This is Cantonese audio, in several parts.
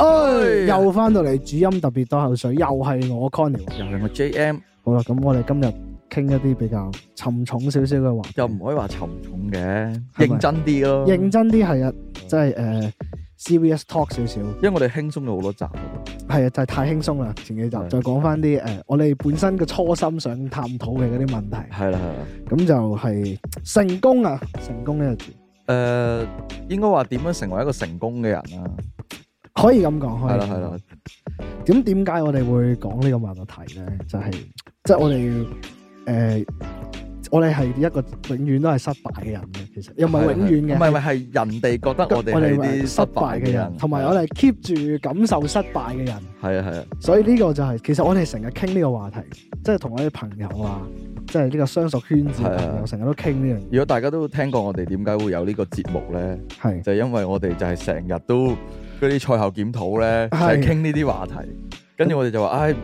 唉，oh, 又翻到嚟，主音特別多口水，又係我 Connie，又係我 JM。好啦，咁我哋今日傾一啲比較沉重少少嘅話，又唔可以話沉重嘅，吧認真啲咯，認真啲係啊，即係誒 serious 對 talk 少少。因為我哋輕鬆咗好多集，係啊，就係太輕鬆啦。前幾集對再講翻啲誒，我哋本身嘅初心想探討嘅嗰啲問題，係啦係啦。咁就係成功啊，成功呢個字。誒，應該話點樣成為一個成功嘅人啊？可以咁講，係啦係啦。咁點解我哋會講呢個話題咧？就係即係我哋誒、呃，我哋係一個永遠都係失敗嘅人嘅，其實又唔係永遠嘅，唔係唔係，係人哋覺得我哋係啲失敗嘅人，同埋我哋 keep 住感受失敗嘅人。係啊係啊。所以呢個就係，其實我哋成日傾呢個話題，即係同我啲朋友啊，即係呢個相熟圈子嘅朋友，成日都傾呢樣。如果大家都聽過我哋點解會有呢個節目咧，係，就係因為我哋就係成日都。嗰啲賽後檢討咧，係傾呢啲話題，跟住、嗯、我哋就話，唉，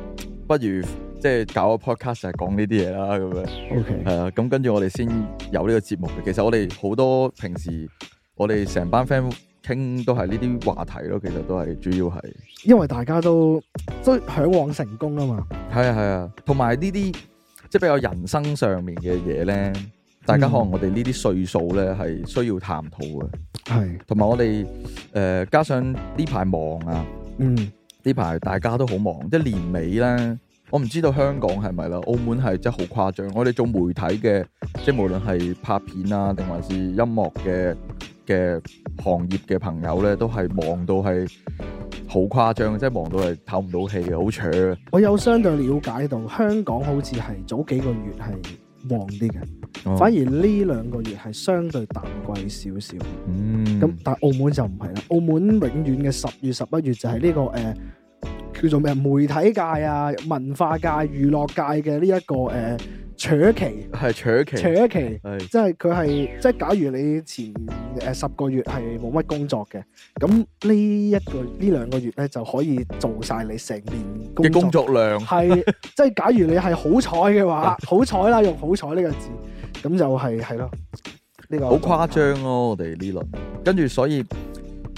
不如即係、就是、搞個 podcast 嚟講呢啲嘢啦，咁樣，係啦 Okay.、啊，咁跟住我哋先有呢個節目。其實我哋好多平時我哋成班 friend 傾都係呢啲話題咯，其實都係主要係，因為大家都都向往成功啊嘛，係啊係啊，同埋呢啲即係比較人生上面嘅嘢咧。大家可能我哋呢啲歲數咧，係需要探討嘅，係同埋我哋誒、呃、加上呢排忙啊，嗯，呢排大家都好忙，即係年尾咧，我唔知道香港係咪啦，澳門係真係好誇張。我哋做媒體嘅，即係無論係拍片啊，定還是音樂嘅嘅行業嘅朋友咧，都係忙到係好誇張，即係忙到係透唔到氣嘅，好扯。我有相對了解到香港好似係早幾個月係。旺啲嘅，嗯、反而呢兩個月係相對淡季少少。嗯，咁但係澳門就唔係啦。澳門永遠嘅十月十一月就係呢、呢個誒、呃、叫做咩媒體界啊、文化界、娛樂界嘅呢一個誒。呃除咗期除咗期，除咗期係即係佢係即係，假如你前誒十個月係冇乜工作嘅，咁呢一個呢兩個月咧就可以做晒你成年嘅工，工作量係是 即係，假如你係好彩嘅話，好彩 啦用好彩呢個字，咁就係係咯呢個好誇張咯，我哋呢輪跟住所以。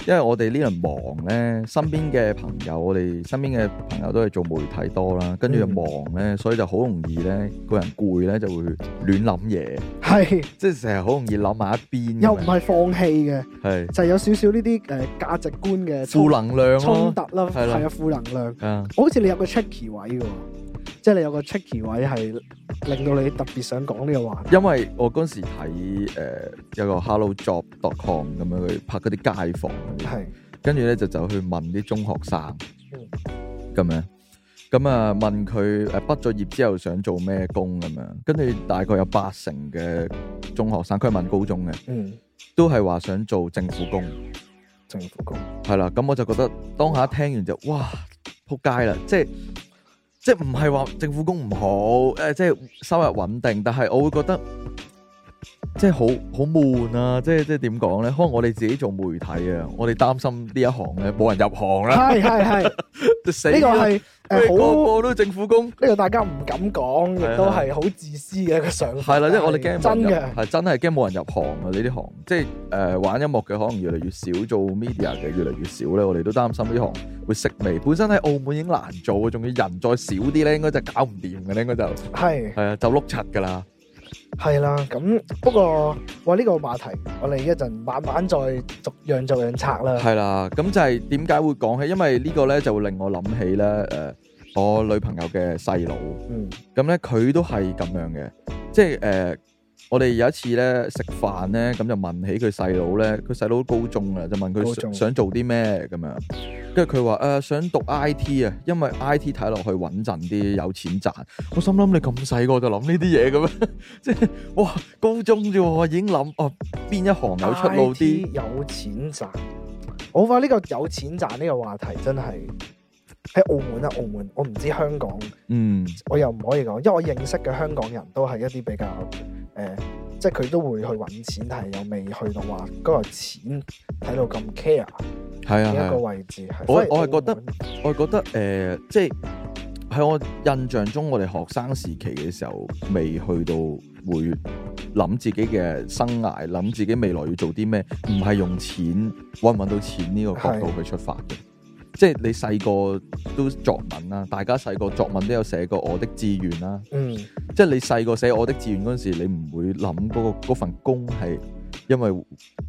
因為我哋呢輪忙咧，身邊嘅朋友，我哋身邊嘅朋友都係做媒體多啦，嗯、跟住就忙咧，所以就好容易咧，個人攰咧就會亂諗嘢，係是，即係成日好容易諗埋一邊，又唔係放棄嘅，係是，就係有少少呢啲誒價值觀嘅負能量衝突啦，係啊的，負能量，的我好似你入個 checky 位嘅。即係你有個 tricky 位係令到你特別想講呢個話，因為我嗰時睇誒、呃、有個 HelloJob.com 咁樣去拍嗰啲街訪，係跟住咧就走去問啲中學生咁、嗯、樣，咁啊問佢誒畢咗業之後想做咩工咁樣，跟住大概有八成嘅中學生，佢係問高中嘅，嗯，都係話想做政府工，政府工係啦，咁我就覺得當下一聽完就哇撲街啦，即係。即係唔係話政府工唔好，誒即係收入穩定，但係我會覺得。即係好好悶啊！即係即係點講咧？可能我哋自己做媒體啊，我哋擔心呢一行咧冇人入行啦。係係係，呢個係誒，個個都政府工。呢個大家唔敢講，亦都係好自私嘅一個想法。係啦，啊啊、即係我哋驚真嘅，係真係驚冇人入行啊！呢啲行即係誒、呃，玩音樂嘅可能越嚟越少，做 media 嘅越嚟越少咧。我哋都擔心呢行會式微。本身喺澳門已經難做，仲要人再少啲咧，應該就搞唔掂嘅咧。應該就係係啊，就碌柒噶啦。係啦，咁不過話呢、這個話題，我哋一陣慢慢再逐樣做樣，樣拆啦。係啦，咁就係點解會講起？因為呢個咧就會令我諗起咧，誒、呃，我女朋友嘅細佬，嗯，咁咧佢都係咁樣嘅，即係誒。呃我哋有一次咧食飯咧，咁就問起佢細佬咧，佢細佬高中啊，就問佢想，中想做啲咩咁樣，跟住佢話，誒想讀 I T 啊，因為 I T 睇落去穩陣啲，有錢賺。我心諗你咁細個就諗呢啲嘢咁樣， 即係哇高中啫，我已經諗哦邊一行有出路啲，有錢賺。我發呢個有錢賺呢個話題真係喺澳門啊，澳門我唔知香港，嗯，我又唔可以講，因為我認識嘅香港人都係一啲比較。誒、呃，即係佢都會去揾錢，但係又未去到話嗰個錢睇到咁 care，係啊，呢一個位置係我。我我係覺得，我係覺得，誒、呃，即係喺我印象中，我哋學生時期嘅時候，未去到會諗自己嘅生涯，諗自己未來要做啲咩，唔係用錢揾唔揾到錢呢個角度去出發嘅。即係你細個都作文啦、啊，大家細個作文都有寫過我的志願啦、啊。嗯，即係你細個寫我的志願嗰陣時，你唔會諗嗰、嗰個份工係因為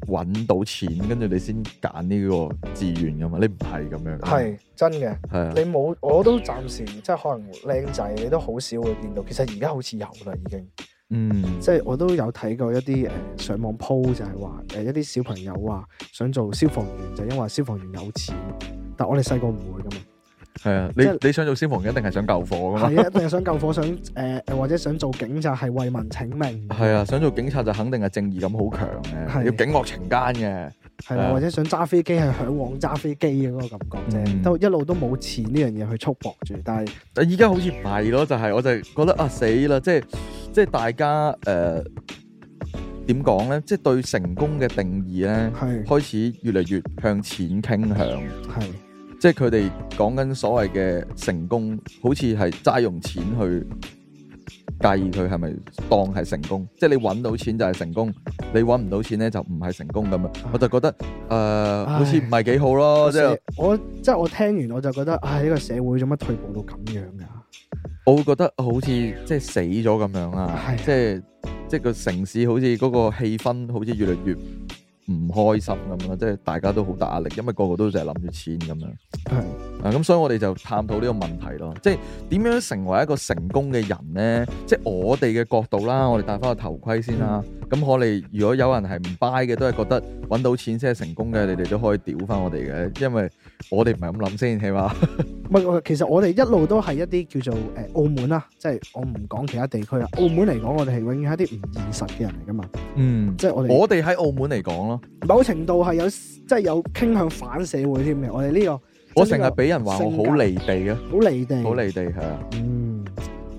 搵到錢，跟住你先揀呢個志願㗎嘛？你唔係咁樣。係真嘅，係、啊、你冇我都暫時即係可能僆仔你都好少會見到，其實而家好似有啦已經。嗯，即係我都有睇過一啲誒上網鋪，就係話誒一啲小朋友話想做消防員，就係、因為消防員有錢。但我哋細個唔會㗎嘛。係啊！你你想做消防員，一定係想救火噶嘛？係啊，一定係想救火，想誒或者想做警察，係為民請命。係啊，想做警察就肯定係正義感好強嘅，要警惡懲奸嘅。係或者想揸飛機，係向往揸飛機嘅嗰個感覺啫。都一路都冇錢呢樣嘢去束縛住，但係，但依家好似唔係咯，就係我就覺得啊死啦！即係即係大家誒點講咧？即係對成功嘅定義咧，係開始越嚟越向錢傾向。係。即係佢哋講緊所謂嘅成功，好似係齋用錢去介意佢係咪當係成功。即係你搵到錢就係成功，你搵唔到錢咧就唔係成功咁樣！我就覺得誒，呃、唉 好似唔係幾好咯。唉 即係我即係我聽完我就覺得，喺呢個社會做乜退步到咁樣㗎？我會覺得好似即係死咗咁樣啊！即係唉 即係個城市好似嗰個氣氛好似越嚟越。唔開心咁樣，即係大家都好大壓力，因為個個都淨係諗住錢咁樣。係是啊，咁所以我哋就探討呢個問題咯，即係點樣成為一個成功嘅人咧？即係我哋嘅角度啦，我哋戴翻個頭盔先啦。咁、嗯、我哋如果有人係唔 buy 嘅，都係覺得揾到錢先係成功嘅，嗯、你哋都可以屌翻我哋嘅，因為我哋唔係咁諗先，起碼唔係，其實我哋一路都係一啲叫做誒澳門啦，即、就、係、是、我唔講其他地區啦。澳門嚟講，我哋係永遠係一啲唔現實嘅人嚟噶嘛。嗯，即係我哋我哋喺澳門嚟講咯。某程度係有即係、就是、有傾向反社會添嘅，我哋呢、這個我成日俾人話格我好離地啊，好離地，好離地係啊，嗯，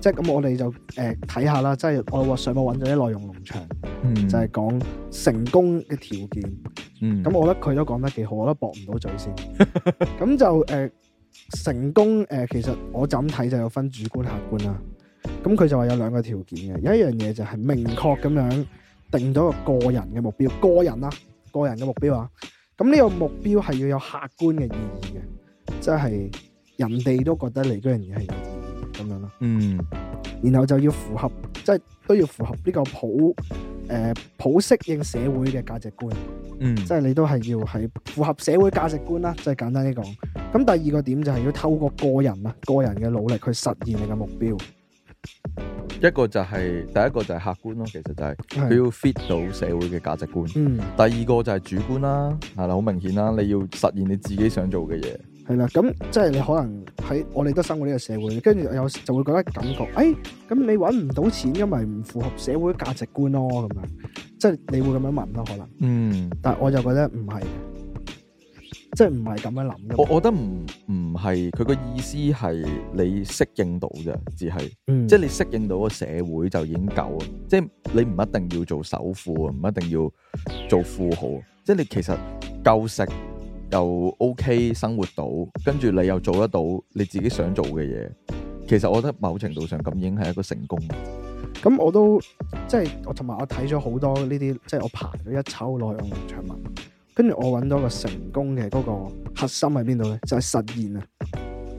即係咁我哋就誒睇下啦，即係我上網搵咗啲內容農場，嗯、就係講成功嘅條件，咁、嗯、我覺得佢都講得幾好，我都駁唔到嘴先，咁 就誒、呃、成功誒、呃，其實我咁睇就有分主觀客觀啦，咁、啊、佢就話有兩個條件嘅，有一樣嘢就係明確咁樣定咗個個人嘅目標，個人啊。個人嘅目標啊，咁呢個目標係要有客觀嘅意義嘅，即係人哋都覺得你嗰樣嘢係咁樣啦。嗯。然後就要符合，即係都要符合呢個普誒、呃、普適應社會嘅價值觀。嗯。即係你都係要係符合社會價值觀啦，即係簡單啲講。咁第二個點就係要透過個人啊，個人嘅努力去實現你嘅目標。一個就係、是、第一個就係客觀咯，其實就係、是、佢要 fit 到社會嘅價值觀。的第二個就係主觀啦，係啦，好明顯啦，你要實現你自己想做嘅嘢。係啦，咁即係你可能喺我哋都生活呢個社會，跟住有就會覺得感覺，哎，咁你搵唔到錢，因為唔符合社會價值觀咯，咁樣，即係你會咁樣問咯，可能。嗯，但係我就覺得唔係。即係唔係咁樣諗嘅。我我覺得唔唔係，佢個意思係你適應到嘅，只係、嗯、即係你適應到個社會就已經夠。即係你唔一定要做首富，唔一定要做富豪。即係你其實夠食又 OK，生活到，跟住你又做得到你自己想做嘅嘢。其實我覺得某程度上咁已經係一個成功。咁我都，即係我同埋我睇咗好多呢啲，即係我爬咗一抽攞嚟我長文。跟住我揾到個成功嘅嗰個核心喺邊度咧，就係、是、實現啊！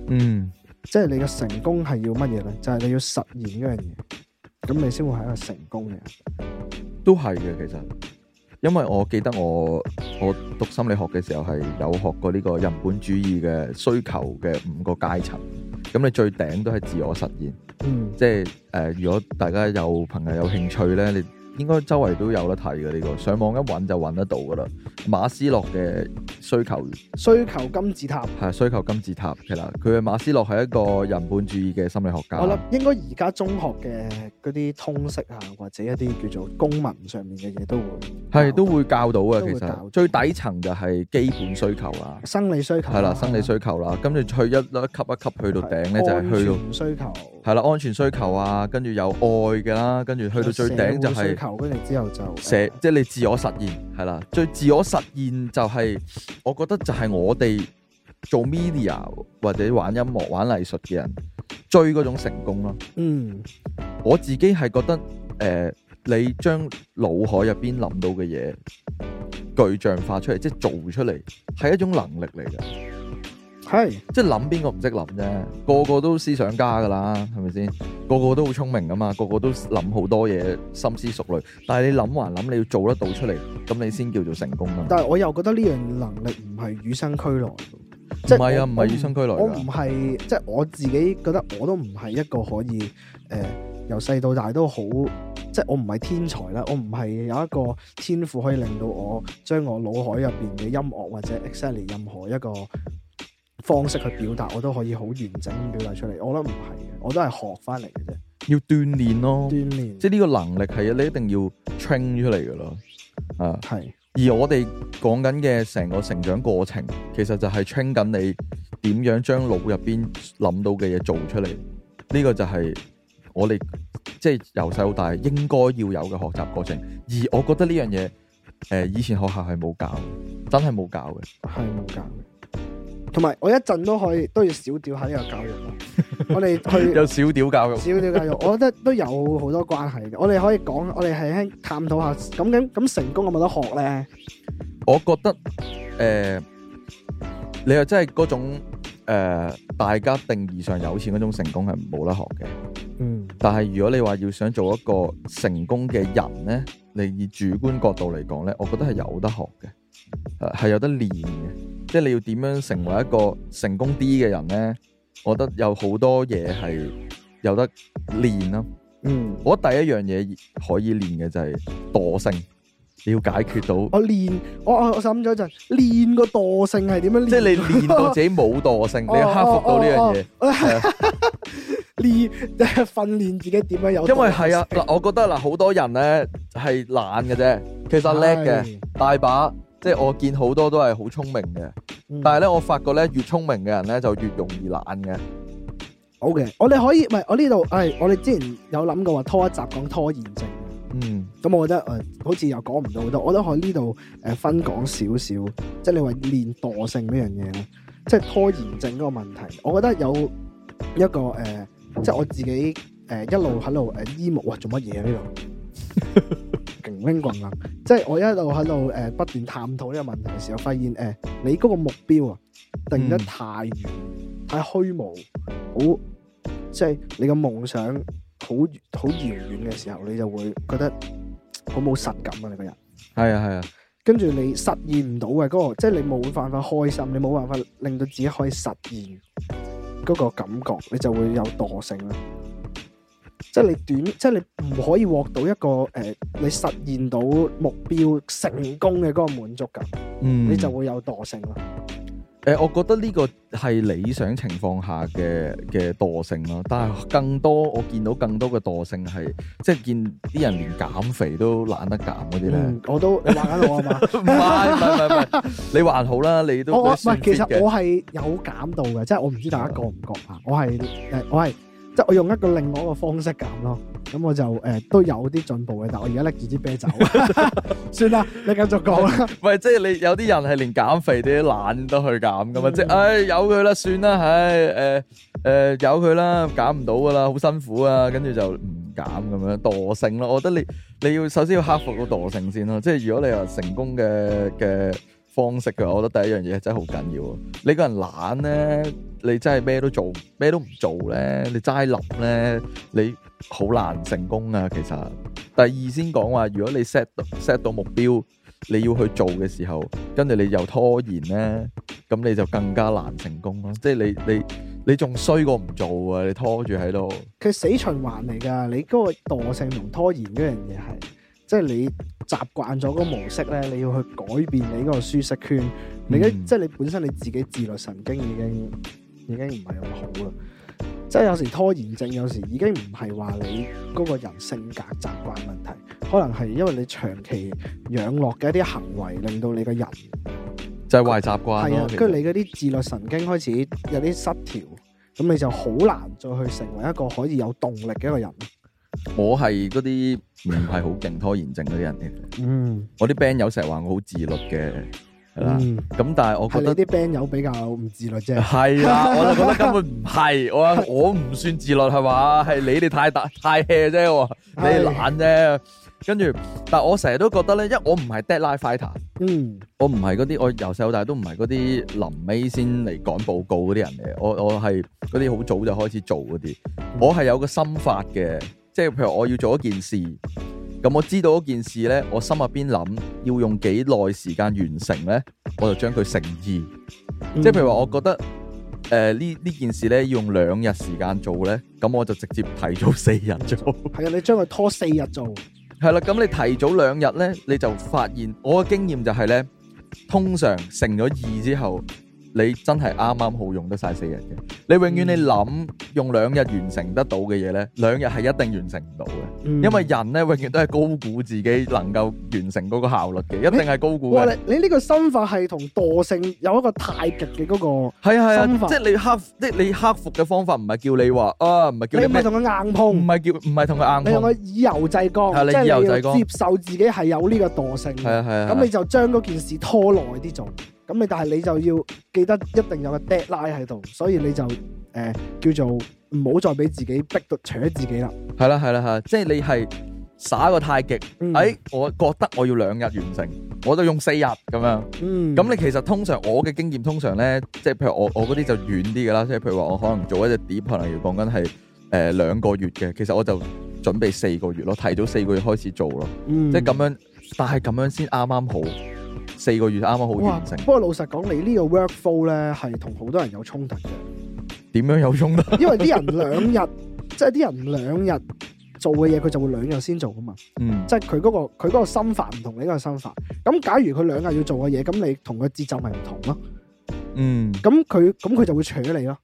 嗯，即係你嘅成功係要乜嘢咧？就係、是、你要實現呢樣嘢，咁你先會係一個成功嘅人。都係嘅，其實，因為我記得我我讀心理學嘅時候係有學過呢個人本主義嘅需求嘅五個階層，咁你最頂都係自我實現。嗯即，即係誒，如果大家有朋友有興趣咧，你。應該周圍都有得睇嘅，呢個，上網一揾，就揾得到噶啦。馬斯洛嘅需求，需求，需求金字塔，係需求金字塔。係啦，佢嘅馬斯洛係一個人本主義嘅心理學家。我諗應該而家中學嘅嗰啲通識啊，或者一啲叫做公民上面嘅嘢都會，係都會教到嘅。其實最底層就係基本需求啦，生理需求係啦，生理需求啦，跟住的去一一級一級去到頂咧，就係的的安全需求。係啦，安全需求啊，跟住有愛嘅啦、啊，跟住去到最頂就係，社會需求，然後之後就寫，即係你自我實現係啦，最自我實現就係、是，我覺得就係我哋做 media 或者玩音樂、玩藝術嘅人追嗰種成功咯。嗯，我自己係覺得，誒、呃，你將腦海入邊諗到嘅嘢具象化出嚟，即係做出嚟，係一種能力嚟嘅。係，即係諗邊個唔識諗啫，個個都思想家噶啦，係咪先？個個都好聰明噶嘛，個個都諗好多嘢，深思熟慮。但係你諗還諗，你要做得到出嚟，咁你先叫做成功啊！但係我又覺得呢樣能力唔係與生俱來，即係唔係啊，唔係與生俱來。我唔係，即係我自己覺得我都唔係一個可以誒，由細到大都好，即係我唔係天才啦，我唔係有一個天賦可以令到我將我腦海入邊嘅音樂或者 Excel 任何一個方式去表達，我都可以好完整咁表達出嚟。我覺得唔係嘅，我都係學翻嚟嘅啫。要鍛鍊咯，鍛鍊，即係呢個能力係你一定要 train 出嚟嘅咯。啊，係。而我哋講緊嘅成個成長過程，其實就係 train 緊你點樣將腦入邊諗到嘅嘢做出嚟。呢個就係我哋即係由細到大應該要有嘅學習過程。而我覺得呢樣嘢，誒，呃，以前學校係冇教，真係冇教嘅。係冇教。同埋，我一陣都可以都要少屌下呢個教育咯。 我哋去有少屌教，教育，少屌教育，我覺得都有好多關係嘅。我哋可以講，我哋係輕探討下，咁咁咁成功有冇得學咧？我覺得，誒、呃，你又真係嗰種、呃、大家定義上有錢嗰種成功係冇得學嘅。嗯。但係如果你話要想做一個成功嘅人咧，你以主觀角度嚟講咧，我覺得係有得學嘅，誒係有得練嘅。即係你要點樣成為一個成功啲嘅人咧？我覺得有好多嘢係有得練咯，啊。嗯，我覺得第一樣嘢可以練嘅就係惰性，你要解決到我練。我練，我我諗咗一陣，練個惰性係點樣練？即係你練到自己冇惰性， 你要克服到呢樣嘢。練訓練自己點樣有？因為係啊，嗱，我覺得嗱，好多人咧係懶嘅啫，其實叻嘅的大把。即係我見好多都係好聰明嘅，嗯、但係咧我發覺咧越聰明嘅人咧就越容易懶嘅。好嘅、Okay，我哋可以唔係我呢度，誒、哎，我哋之前有諗過話拖一集講拖延症。嗯，咁我覺得誒、呃，好似又講唔到好多，我覺得都喺呢度誒分講少少，即係你話練惰性呢樣嘢咧，即係拖延症嗰個問題，我覺得有一個誒、呃，即係我自己誒、呃、一路喺度誒，呃呃、呢幕我做乜嘢呢度，這個勁 w 棍啊，即係我一路喺度誒不斷探討呢個問題嘅時候，發現誒、欸、你嗰個目標啊定得太遠，嗯、太虛無，好即係你嘅夢想好好遙遠嘅時候，你就會覺得好冇實感啊！你個人係啊係啊， 跟住你實現唔到嘅嗰個，即、就、係、是、你冇辦法開心，你冇辦法令到自己可以實現嗰個感覺，你就會有惰性啦。即係你短，即係你唔可以獲到一個誒、呃，你實現到目標成功嘅嗰個滿足感，嗯，你就會有惰性啦。誒、呃，我覺得呢個係理想情況下嘅嘅惰性咯，但係更多我見到更多嘅惰性係，即係見啲人連減肥都懶得減嗰啲咧。我都你話緊我啊嘛？唔係唔係唔係，你還好啦，你都唔係。其實我係有減到嘅，即係我唔知大家有有覺唔覺啊？我係誒，我係。我即係我用一個另外一個方式減咯，咁我就誒、呃、都有啲進步嘅，但係我而家拎住支啤酒， 算啦，你繼續講啦。唔係， 即係你有啲人係連減肥啲懶都去減噶嘛，嗯、即係唉，由佢啦，算啦，唉、哎，誒、呃、誒，由佢啦，減唔到噶啦，好辛苦啊，跟住就唔減，咁樣惰性咯。我覺得你你要首先要克服個惰性先咯，即係如果你話成功嘅嘅。方式嘅，我覺得第一樣嘢真係好緊要。你個人懶咧，你真係咩都做，咩都唔做咧，你齋諗咧，你好難成功啊。其實，第二先講話，如果你 set set 到目標，你要去做嘅時候，跟住你又拖延咧，咁你就更加難成功咯。即係你你你仲衰過唔做啊。你拖住喺度，佢死循環嚟㗎。你嗰個惰性同拖延嗰樣嘢係。即係你習慣咗嗰個模式咧,你要去改變你呢個舒適圈。嗯、你嘅，即係你本身你自己自律神經已經已經唔係咁好啦。即係有時拖延症，有時已經唔係話你嗰個人性格習慣問題，可能係因為你長期養落嘅一啲行為，令到你人壞習慣個人就係壞習慣咯。跟住、啊、你嗰啲自律神經開始有啲失調，咁你就好難再去成為一個可以有動力嘅一個人。我係嗰啲唔係好勁拖延症嗰啲人嘅。嗯，我啲 band 友成日話我好自律嘅，係啦。咁、嗯、但係我覺得 band 友比較唔自律啫。係啊，我就覺得根本唔係 我， 我唔算自律係嘛，係你哋太大太 hea 啫。你懶啫。是跟住，但我成日都覺得咧，因為我唔係 deadline fighter。嗯，我唔係嗰啲，我由細到大都唔係嗰啲臨尾先嚟講報告嗰啲人嘅。我我係嗰啲好早就開始做嗰啲。嗯、我係有個心法嘅。即係譬如我要做一件事，咁我知道一件事呢，我心入邊諗要用幾耐時間完成呢，我就將佢乘二。嗯、即係譬如話，我覺得誒呢呢件事呢，要用兩日時間做呢，咁我就直接提早四日做。係啊， 你將佢拖四日做。係啦， 咁你提早兩日呢，你就發現我嘅經驗就係呢，通常乘咗二之後。你真係啱啱好用得晒四日嘅，你永遠你諗用兩日完成得到嘅嘢咧，兩日係一定完成唔到嘅，因為人咧永遠都係高估自己能夠完成嗰個效率嘅，一定係高估嘅，你呢個心法係同惰性有一個太極嘅嗰個，係啊，係啊，即係你克即係你克服嘅方法唔係叫你話啊，唔係叫你唔係同佢硬碰，唔係叫唔係同佢硬碰，你用佢以柔制剛，係你以柔制剛，接受自己係有呢個惰性，係啊，係啊，咁你就將嗰件事拖耐啲做。咁你但係你就要記得一定有個 deadline 喺度，所以你就誒、呃、叫做唔好再俾自己逼到扯自己啦。係啦，係啦，係，即係你係耍個太極。喺、嗯哎、我覺得我要兩日完成，我就用四日咁樣。咁、嗯、你其實通常我嘅經驗，通常咧，即係譬如我我嗰啲就遠啲噶啦，即係譬如話我可能做一隻碟、嗯、可能要講緊係誒兩個月嘅，其實我就準備四個月咯，提早四個月開始做咯，即係咁樣，嗯、但係咁樣先啱啱好。四個月啱啱好完成。不過老實講，你呢個 work flow 咧，係同好多人有衝突嘅。點樣有衝突？因為啲人兩日，即係啲人兩日做嘅嘢，佢就會兩日先做噶嘛。嗯。即係佢嗰個佢個心法唔同你嗰個心法。咁假如佢兩日要做嘅嘢，咁你節、同佢節奏咪唔同咯。嗯。咁佢咁佢就會催你咯。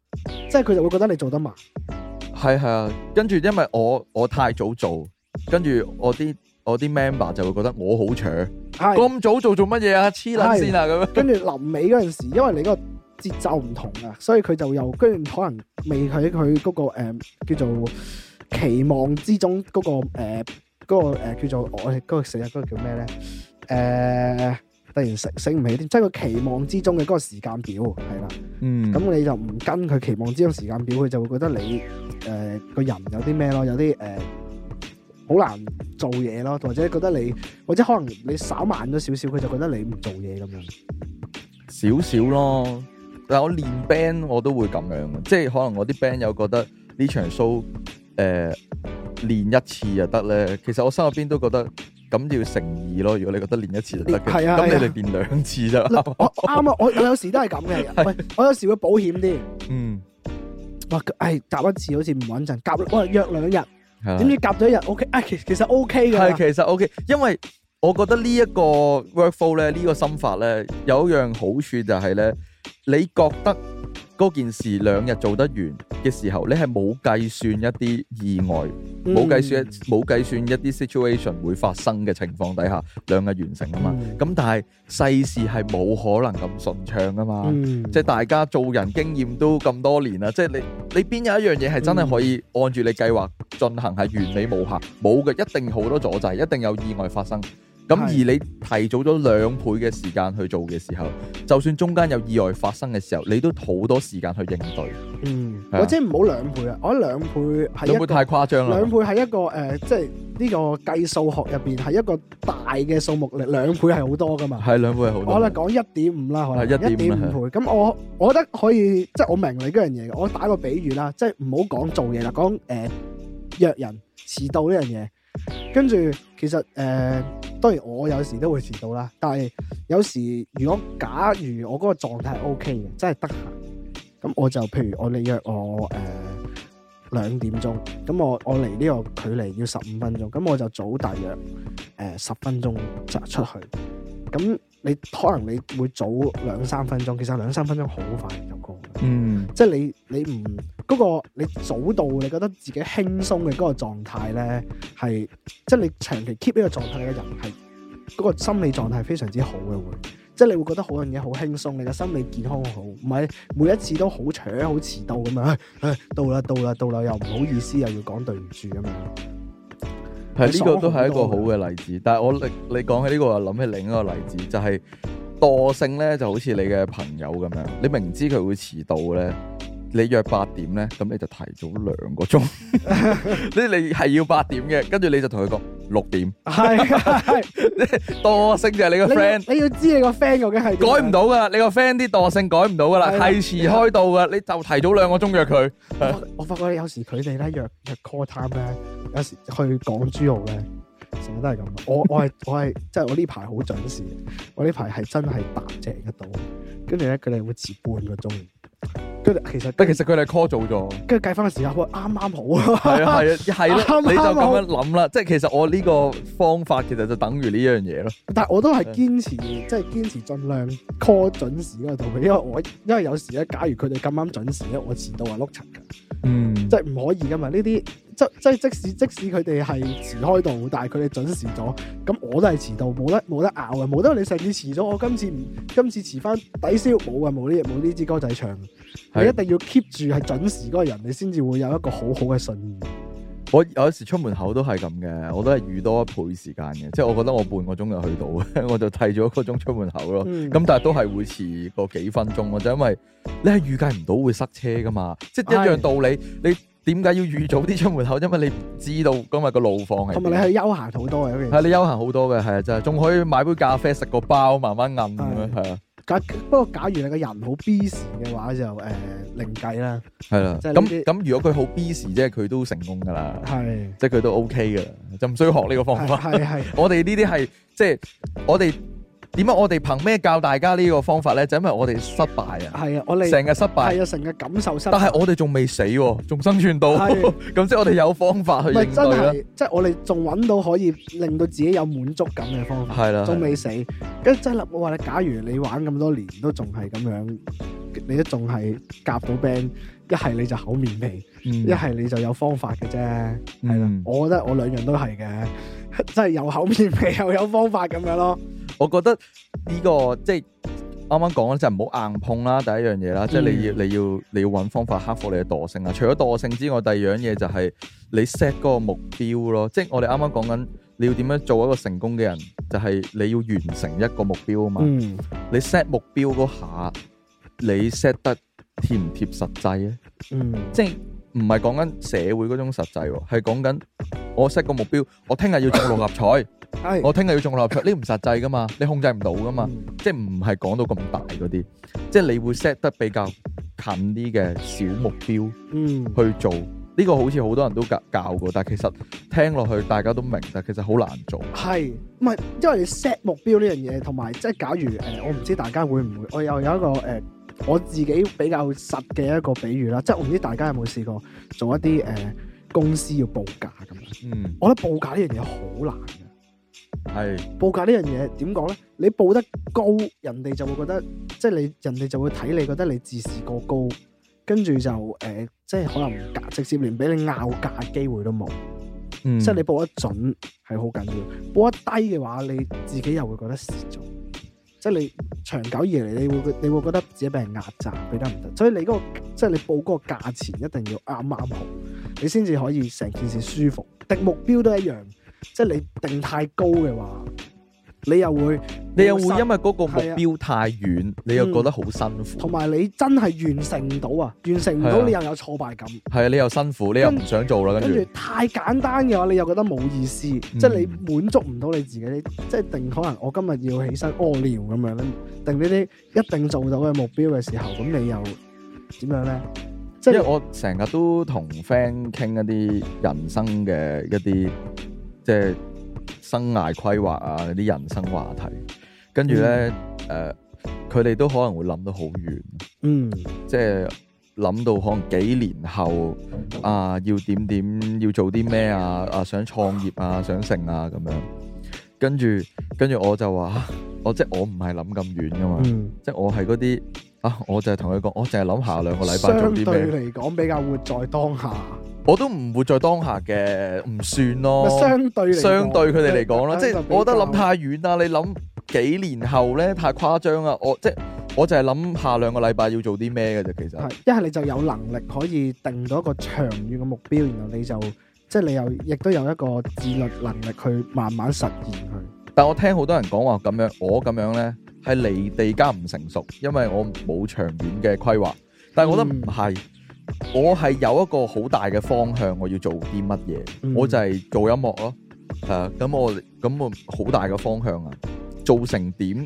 即係佢就會覺得你做得慢。係係啊，跟住因為我我太早做，跟住我啲。我啲 member 就會覺得我好蠢，係咁的早做做乜嘢啊？黐撚線啊咁樣。跟住臨尾嗰陣時，因為你個節奏唔同啊，所以佢就又跟住可能未喺佢嗰個、呃、叫做期望之中嗰、嗰個誒嗰、呃嗰個呃、叫做我哋嗰、嗰個成日嗰個叫咩咧？誒、呃、突然醒醒唔起啲，即係佢期望之中嘅嗰個時間表係啦。嗯，咁你就唔跟佢期望之中時間表，佢就會覺得你誒、呃、個人有啲咩咯，有啲誒。呃好難做嘢咯，或者覺得你，或者可能你稍慢咗少少，佢就覺得你唔做嘢咁樣。少少咯，但係我練 band 我都會咁樣，即係可能我啲 band 友覺得呢場 show 誒、呃、練一次就得咧，其實我心入邊都覺得咁要誠意咯。如果你覺得練一次就得嘅，咁你哋練兩次啫。我啱啊，我我有時都係咁嘅，啊、我有時會保險啲。嗯，哇、哎，係夾一次好似唔穩陣，夾我約兩日。點知夾咗一日，OK，啊，其實、OK、其實 OK 嘅，係其實 OK，因為我覺得呢一個 workflow 咧，呢、呢個心法咧，有一樣好處就係咧，你覺得。嗰件事兩日做得完嘅時候，你係冇計算一啲意外，冇計算冇計算一啲 situation 會發生嘅情況底下兩日完成啊嘛。咁但係世事係冇可能咁順暢啊嘛，即係大家做人經驗都咁多年啦，即係你你邊有一樣嘢係真係可以按住你計劃進行係完美無瑕冇嘅，一定好多阻滯，一定有意外發生。咁而你提早咗兩倍嘅時間去做嘅時候，就算中間有意外發生嘅時候，你都好多時間去應對。嗯，嗎或者唔好兩倍啊！我覺得兩倍係兩倍太誇張啦。兩倍係一個誒，即係呢個計數學入邊係一個大嘅數目嚟，兩倍係好多噶嘛。係兩倍係好多。我哋講一點五啦，可能，一點五倍。咁是我我覺得可以，即、就、係、是、我明你呢樣嘢。我打個比喻啦，即係唔好講做嘢啦，講誒、呃、約人遲到呢樣嘢，跟住。其實誒、呃，當然我有時都會遲到啦。但係有時如果假如我嗰個狀態 OK 嘅，真係得閒，咁我就譬如我你約我誒呃、兩點鐘，咁我我離呢個距離要十五分鐘，咁我就早大約誒呃、十分鐘就出去。咁你可能你會早兩三分鐘，其實兩三分鐘好快。嗯，即係你你唔嗰個你早到，你覺得自己輕鬆嘅嗰個狀態咧，係即係你長期 keep 呢個狀態嘅人，係嗰個心理狀態係非常之好嘅，會即係你會覺得好樣嘢，好輕鬆，你嘅心理健康好，唔係每一次都好扯，好遲到咁樣，誒到啦到啦到啦，又唔好意思又要講對唔住咁樣。係呢個都係一個好嘅例子，嗯，但係我你你講起呢個，我諗起另一個例子就係。惰性咧就好似你嘅朋友咁樣，你明知佢會遲到咧，你約八點咧，咁你就提早兩個鐘。 你即係要八點嘅，跟住你就同佢講六點。係， 惰性就係你個 friend 你。你要知你個 friend 究竟係改唔到噶，你個 friend 啲惰性改唔到噶啦，係遲 開到噶， 你就提早兩個鐘約佢。 我發覺有時佢哋咧約約 call time 咧、啊，有時去講豬油咧。啊啊啊啊啊 成日都係咁，我我係我係，即係我呢排好準時。我呢排係真係達成一度，跟住咧佢哋會遲半個鐘。跟住其實，但係其實佢哋 call 做咗，跟住計翻個時間，佢啱啱好啊。係啊係啊係啦，剛剛你就咁樣諗啦，剛剛即係其實我呢個方法其實就等於呢樣嘢咯。但係我都係堅持，的即係堅持盡量 call 準時嗰個度嘅，因為我因為有時咧，假如佢哋咁啱準時咧，我遲到係碌柒噶，嗯，即係唔可以噶嘛呢啲。即即即使即使佢哋係遲開到，但係佢哋準時咗，咁我都係遲到，冇得冇得拗呀。冇得你上次遲咗，我今次唔今次遲翻抵消冇呀，冇呢冇呢支歌仔唱，你一定要 keep 住係準時嗰個人，你先至會有一個好好嘅信念。我有時出門口都係咁嘅，我都係預多一倍時間嘅，即係我覺得我半個鐘就去到， 我就提早個鐘出門口咯。咁、嗯、但係都係會遲個幾分鐘，就是、因為你係預計唔到會塞車噶嘛，即係一樣道理唉你。點解要預早啲出門口？因為你唔知道今日個路況係，同埋你去悠閒好多嘅。係你悠閒好多嘅，係啊，真係仲可以買杯咖啡，食個包，慢慢按咁樣，係啊的。假不過，假如你個人好 busy 嘅話，就誒另計啦。係啦，咁咁如果佢好 busy，即係佢都成功噶啦。係的，即係佢都 OK 噶，就唔需要學呢個方法。係係、 就是，我哋呢啲係即係我哋。點解我哋憑咩教大家呢個方法咧？就係、因為我哋失敗啊，係啊，我哋成日失敗，係啊，成日感受失敗。但係我哋仲未死、啊，仲生存到，咁即係我哋有方法去應對唔係真係，即、就、係、係、我哋仲搵到可以令到自己有滿足感嘅方法，係啦、啊，仲未死。跟真啦，我話你，假如你玩咁多年都仲係咁樣，你都仲係夾到 band，一係你就口面皮，一係、嗯、你就有方法嘅啫。係啦、嗯啊，我覺得我兩樣都係嘅，即係又口面皮又有方法咁樣咯。我覺得呢、這個即係啱啱講嘅，就唔、是、好硬碰啦，第一樣嘢啦，即係、嗯、你，你要你要你要搵方法克服你嘅惰性啦！除咗惰性之外，第二樣嘢就係你 set 嗰個目標咯。即係我哋啱啱講緊，你要點樣做一個成功嘅人，就係、是、你要完成一個目標啊嘛。嗯、你 set 目標嗰下，你 set 得貼唔貼實際咧？嗯，即係唔係講緊社會嗰種實際，係講緊我 set 個目標，我聽日要做六合彩。 係，是我聽日要中落，呢唔實際噶嘛，你控制唔到噶嘛，嗯、即係唔係講到咁大嗰啲，即係你會 set 得比較近啲嘅小目標，嗯，去做呢個好似好多人都教教過，但係其實聽落去大家都明，但其實好難做。係，唔係因為你 set 目標呢樣嘢，同埋即係假如誒、呃，我唔知大家會唔會，我又有一個誒、呃，我自己比較實嘅一個比喻啦，即係我唔知大家有冇試過做一啲誒、呃、公司要報價咁，嗯，我覺得報價呢樣嘢好難。係是報價呢樣嘢點講咧？你報得高，人哋就會覺得即係、就是、你，人哋就會睇你覺得你自視過高，跟住就誒、呃，即係可能直接連俾你拗價嘅機會都冇。嗯、即係你報得準係好緊要，報得低嘅話，你自己又會覺得蝕咗。即係你長久以嚟，你會你會覺得自己俾人壓榨，俾得唔得？所以你嗰、那個即係你報嗰個價錢一定要啱啱好，你先至可以成件事舒服。定目標都一樣。即係你定太高嘅話，你又會，你又會因為嗰個目標太遠，啊、你又覺得好辛苦。同埋、嗯、你真係完成唔到啊！完成唔到、啊、你又有挫敗感。係啊，啊，你又辛苦，你又唔想做啦。跟住着太簡單嘅話，你又覺得冇意思，嗯、即係你滿足唔到你自己。即係定可能我今日要起身屙尿咁樣咧，定呢啲一定做到嘅目標嘅時候，咁你又點樣咧？即係我成日都同 friend 傾一啲人生嘅一啲。即係生涯規劃啊，嗰啲人生話題，跟住咧，誒、mm. 呃，佢哋都可能會諗得好遠，嗯，mm. 即係諗到可能幾年後啊，要點點要做啲咩啊，啊，想創業啊，想成啊咁樣，跟住跟住我就話，我即係我唔係諗咁遠噶嘛，即係我係嗰啲。Mm. 啊！我就係同佢講，我淨係諗下兩個禮拜做啲咩。對佢嚟講比較活在當下，我都唔活在當下嘅，唔算咯。嗯、相對相對佢哋嚟講啦，即係我覺得諗太遠啦，你諗幾年後咧太誇張啦！我即係我淨係諗下兩個禮拜要做啲咩嘅啫，其實。係，一係你就有能力可以定到一個長遠嘅目標，然後你就即係你又亦都有一個自律能力去慢慢實現佢。但我聽好多人講話咁樣，我咁樣咧。係離地加唔成熟，因為我冇長遠嘅規劃。但係我覺得唔係，嗯、我係有一個好大嘅方向，我要做啲乜嘢，嗯、我就係做音樂咯。係啊，咁我咁我好大嘅方向啊，做成點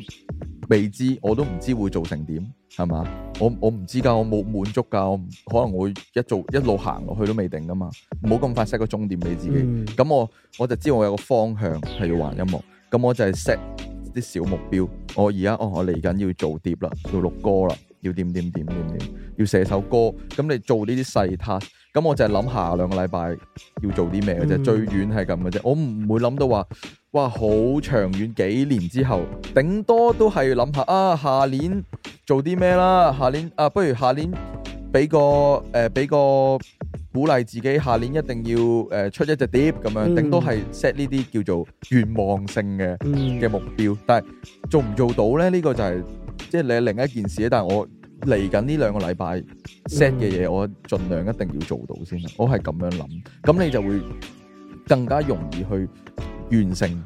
未知，我都唔知會做成點，係嘛？我我唔知噶，我冇滿足噶，我，我可能我一做一路行落去都未定噶嘛。冇咁快 set 個終點俾自己。咁、嗯、我我就知我有個方向係要玩音樂，咁、嗯、我就係 set。啲小目標，我而家哦，我嚟緊要做碟啦，要錄歌啦，要點點點點點，要寫首歌。咁你做呢啲細 task，咁我就係諗下兩個禮拜要做啲咩嘅啫，最遠係咁嘅啫。我唔會諗到話，哇，好長遠幾年之後，頂多都係諗下啊，下年做啲咩啦？下年啊，不如下年俾個誒，俾個。呃鼓勵自己下年一定要誒出一隻碟咁樣，頂多係 set 呢啲叫做願望性嘅嘅目標。但係做唔做到咧？呢個就係即係你係另一件事咧。但係我嚟緊呢兩個禮拜 set 嘅嘢，我盡量一定要做到先啦。我係咁樣諗，咁你就會更加容易去完成。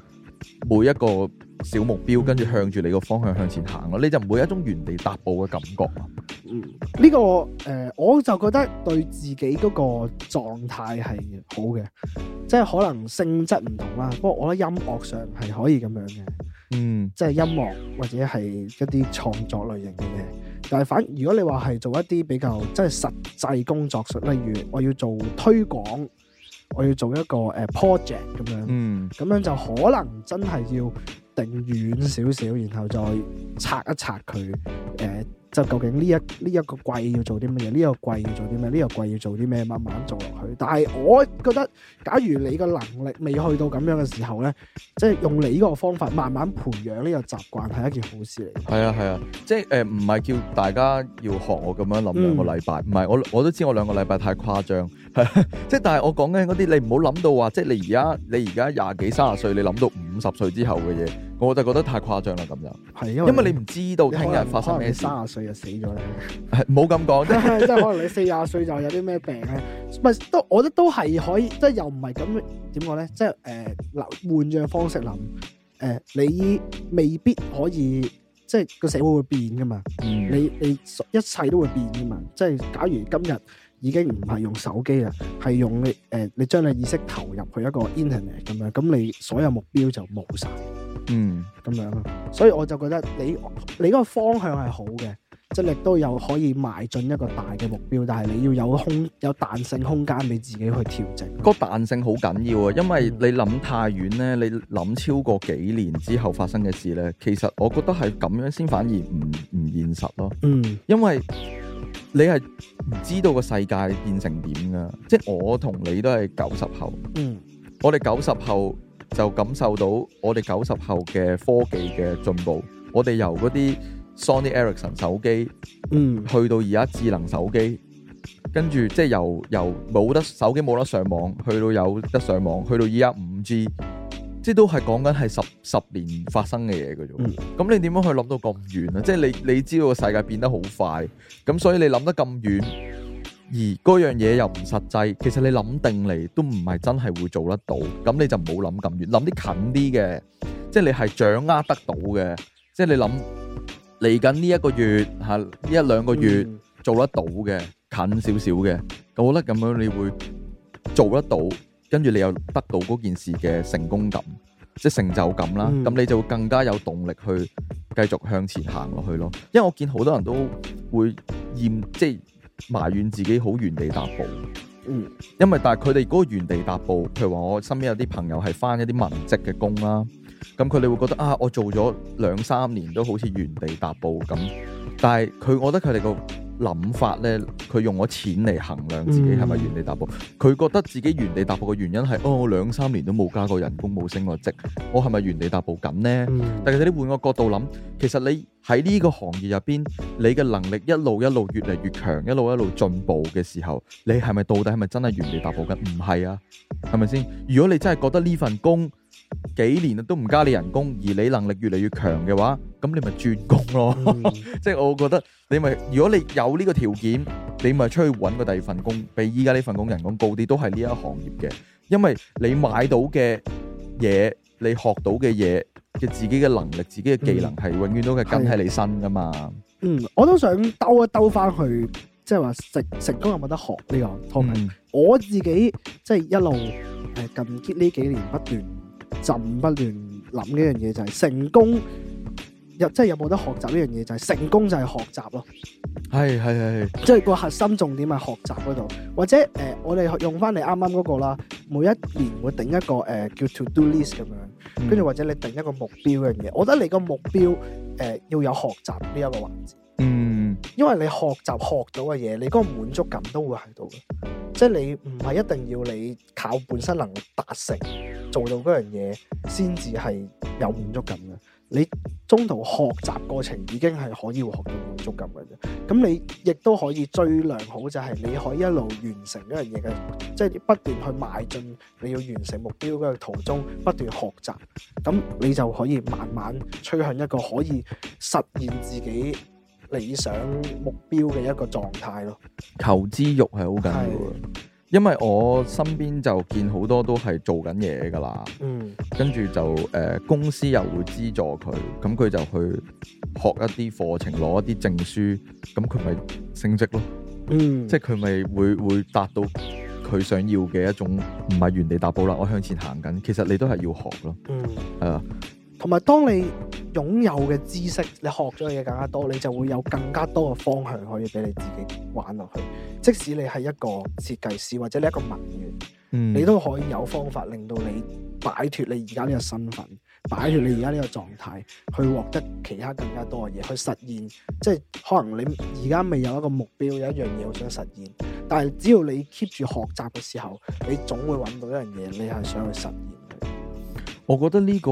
每一個小目標，跟住向住你個方向向前行咯，你就唔會有一種原地踏步嘅感覺。嗯，呢、這個誒、呃，我就覺得對自己嗰個狀態係好嘅，即、就、係、是、可能性質唔同啦。不過我覺得音樂上係可以咁樣嘅，嗯，即係音樂或者係一啲創作類型嘅嘢。但係反如果你話係做一啲比較即係、就是、實際工作，例如我要做推廣。我要做一個誒、呃、project 咁樣，咁、嗯、樣就可能真係要定遠少少，然後再拆一拆佢，誒、呃，即究竟呢一呢一，呢個季要做啲乜嘢？呢、呢個季要做啲咩？呢個季要做啲咩？慢慢做落去。但係我覺得，假如你嘅能力未去到咁樣嘅時候咧，即、就、係、是、用你呢個方法慢慢培養呢個習慣，係一件好事嚟。係啊係啊，即係誒，唔、呃、係叫大家要學我咁樣諗兩個禮拜，唔係、嗯、我我都知我兩個禮拜太誇張。即係，但係我講緊嗰啲，你唔好諗到話，即係你而家你而家廿幾、卅歲，你諗到五十歲之後嘅嘢，我就覺得太誇張啦咁樣。係，因為你唔知道聽日發生咩。卅歲就死咗咧。唔好咁講。即係可能你四十歲就有啲咩病咧？係，都我覺得都係可以。即係又唔係咁點講咧？即係誒，嗱換種方式諗。誒，你未必可以，即係個社會會變噶嘛？你你一切都會變噶嘛？即係假如今日。已經唔係用手機啦，係用你誒、呃，你將你意識投入去一個 Internet 咁樣，咁你所有目標就冇晒，嗯，咁樣啊，所以我就覺得你你嗰個方向係好嘅，即係你都有可以邁進一個大嘅目標，但係你要有空有彈性空間俾自己去調整。個彈性好緊要啊，因為你諗太遠咧，你諗超過幾年之後發生嘅事咧，其實我覺得係咁樣先反而唔唔現實咯，嗯，因為。你係唔知道個世界變成點噶？即係我同你都係九十後，嗯，我哋九十後就感受到我哋九十後嘅科技嘅進步。我哋由嗰啲 Sony Ericsson 手機，嗯，去到而家智能手機，跟住即係由由冇得手機冇得上網，去到有得上網，去到而家五 G。即係都係講緊係十十年發生嘅嘢㗎咋，咁你點樣去諗到咁遠啊？即係你你知道個世界變得好快，咁所以你諗得咁遠，而嗰樣嘢又唔實際，其實你諗定嚟都唔係真係會做得到，咁你就唔好諗咁遠，諗啲近啲嘅，即係你係掌握得到嘅，即係你諗嚟緊呢一個月吓，呢一兩個月做得到嘅，近少少嘅，我覺得咁樣你會做得到。跟住你又得到嗰件事嘅成功感，即成就感啦，咁、嗯、你就會更加有動力去繼續向前行落去咯。因為我見好多人都會厭，即埋怨自己好原地踏步。嗯，因為但係佢哋嗰個原地踏步，譬如話我身邊有啲朋友係翻一啲文職嘅工啦，咁佢哋會覺得啊，我做咗兩三年都好似原地踏步咁，但係佢，我覺得佢哋個諗法呢，佢用我錢嚟衡量自己係咪原地踏步？佢、嗯、覺得自己原地踏步嘅原因係，哦，我兩三年都冇加過人工，冇升過職，我係咪原地踏步緊呢？嗯、但其實你換個角度諗，其實你喺呢個行業入邊，你嘅能力一路一路越嚟越強，一路一路進步嘅時候，你係咪到底係咪真係原地踏步緊？唔係啊，係咪先？如果你真係覺得呢份工，幾年都唔加你人工，而你能力越嚟越強嘅話，咁你咪轉工咯。即係、嗯、 我覺得你咪，如果你有呢個條件，你咪出去揾個第二份工，比依家呢份工人工高啲，都係呢一行業嘅。因為你買到嘅嘢，你學到嘅嘢嘅自己嘅能力、自己嘅技能係永遠都係跟喺你身噶嘛、嗯。嗯，我都想兜一兜翻去，即係話成功有冇得學呢、這個？同埋、嗯、我自己即係、就是、一路誒，近呢幾年不斷。朕不亂諗呢樣嘢就係成功，又即係有冇得學習呢樣嘢就係、是、成功就係學習咯。係係係，即 係樂個核心重點係學習嗰度，或者誒、呃，我哋用翻你啱啱嗰個啦，每一年會定一個誒、呃、叫 to do list 咁樣，跟住、嗯、或者你定一個目標一樣嘢，我覺得你個目標誒、呃、要有學習呢一個環節。嗯。因為你學習學到嘅嘢，你嗰個滿足感都會喺度嘅，即係你唔係一定要你靠本身能力達成做到嗰樣嘢先至係有滿足感嘅。你中途學習過程已經係可以會學到滿足感嘅啫。咁你亦都可以最良好就係你可以一路完成嗰樣嘢嘅，即係不斷去邁進你要完成目標嘅途中，不斷學習，咁你就可以慢慢趨向一個可以實現自己理想目標嘅一個狀態咯，求知欲係好緊要嘅，是因為我身邊就見好多都係做緊嘢噶啦，嗯，跟住就誒、呃、公司又會資助佢，咁佢就去學一啲課程，攞一啲證書，咁佢咪升職咯，嗯，即係佢咪會會達到佢想要嘅一種唔係原地踏步啦，我向前行緊，其實你都係要學咯，嗯，係啊。同埋，當你擁有嘅知識，你學咗嘅嘢更加多，你就會有更加多嘅方向可以俾你自己玩落去。即使你係一個設計師，或者你係一個文員，嗯、你都可以有方法令到你擺脱你而家呢個身份，擺脱你而家呢個狀態，去獲得其他更加多嘅嘢，去實現。即係可能你而家未有一個目標，有一樣嘢好想實現，但係只要你 keep 住學習嘅時候，你總會揾到一樣嘢，你係想去實現。我覺得呢個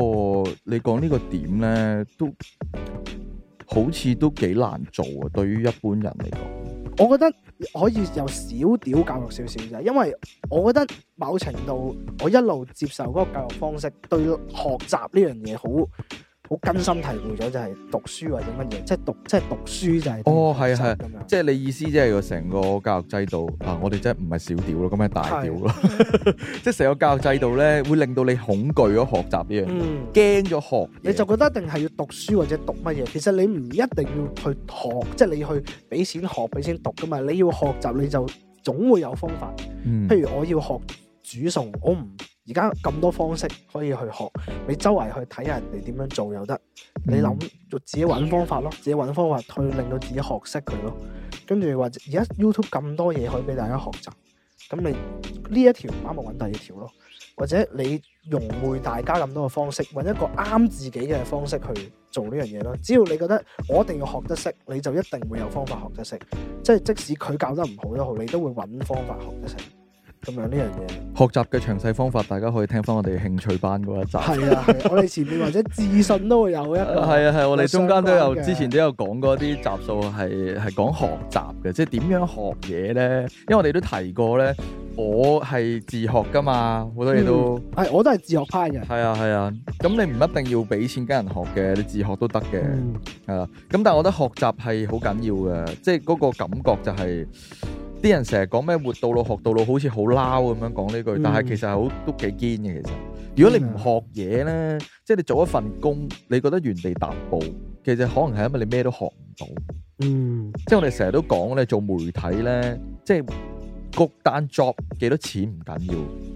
你講呢個點呢，都好似都幾難做啊！對於一般人嚟講，我覺得可以有少屌教育少少啫，因為我覺得某程度我一路接受嗰個教育方式，對學習呢樣嘢好。好根深蒂固咗，就係讀書或者乜嘢，即係讀，即係讀,讀書就係。哦，係啊，係啊，即係你意思即係個成個教育制度啊！我哋真係唔係小屌咯，咁係大屌咯。是 即係成個教育制度咧，會令到你恐懼咗學習呢樣，驚咗、嗯、學，你就覺得一定係要讀書或者讀乜嘢。其實你唔一定要去學，即、就、係、是、你去俾錢學，俾錢讀噶嘛。你要學習，你就總會有方法。嗯、譬如我要學煮餸，我唔。而家咁多方式可以去學，你周圍去睇下人哋點樣做又得，你諗就自己揾方法咯，自己揾方法去令到自己學識佢咯。跟住或者而家 YouTube 咁多嘢可以俾大家學習，咁你呢一條唔啱咪揾第二條咯，或者你融匯大家咁多嘅方式，揾一個啱自己嘅方式去做呢樣嘢咯。只要你覺得我一定要學得識，你就一定會有方法學得識，即係即使佢教得唔好都好，你都會揾方法學得識。咁樣呢樣嘢、學習嘅詳細方法，大家可以聽翻我哋興趣班嗰一集。係 啊，我哋前面或者自信都會有嘅。係啊，係、啊、 我哋中間都有， 之前都有講過啲集數係係講學習嘅，即係點樣學嘢咧？因為我哋都提過咧，我係自學噶嘛，好多嘢都係、嗯、我都係自學派嘅。係啊，係啊，咁你唔一定要俾錢跟人學嘅，你自學都得嘅。係啦、嗯、咁、啊、但係我覺得學習係好緊要嘅，即係嗰個感覺就係、是。啲人成日講咩活到老學到老，好似好撈咁樣講呢句，嗯、但係其實係好都幾堅嘅。其實，如果你唔學嘢咧，嗯、即係你做一份工，你覺得原地踏步，其實可能係因為你咩都學唔到。嗯，即係我哋成日都講咧，做媒體咧，即係。個單 job 幾多錢唔緊要，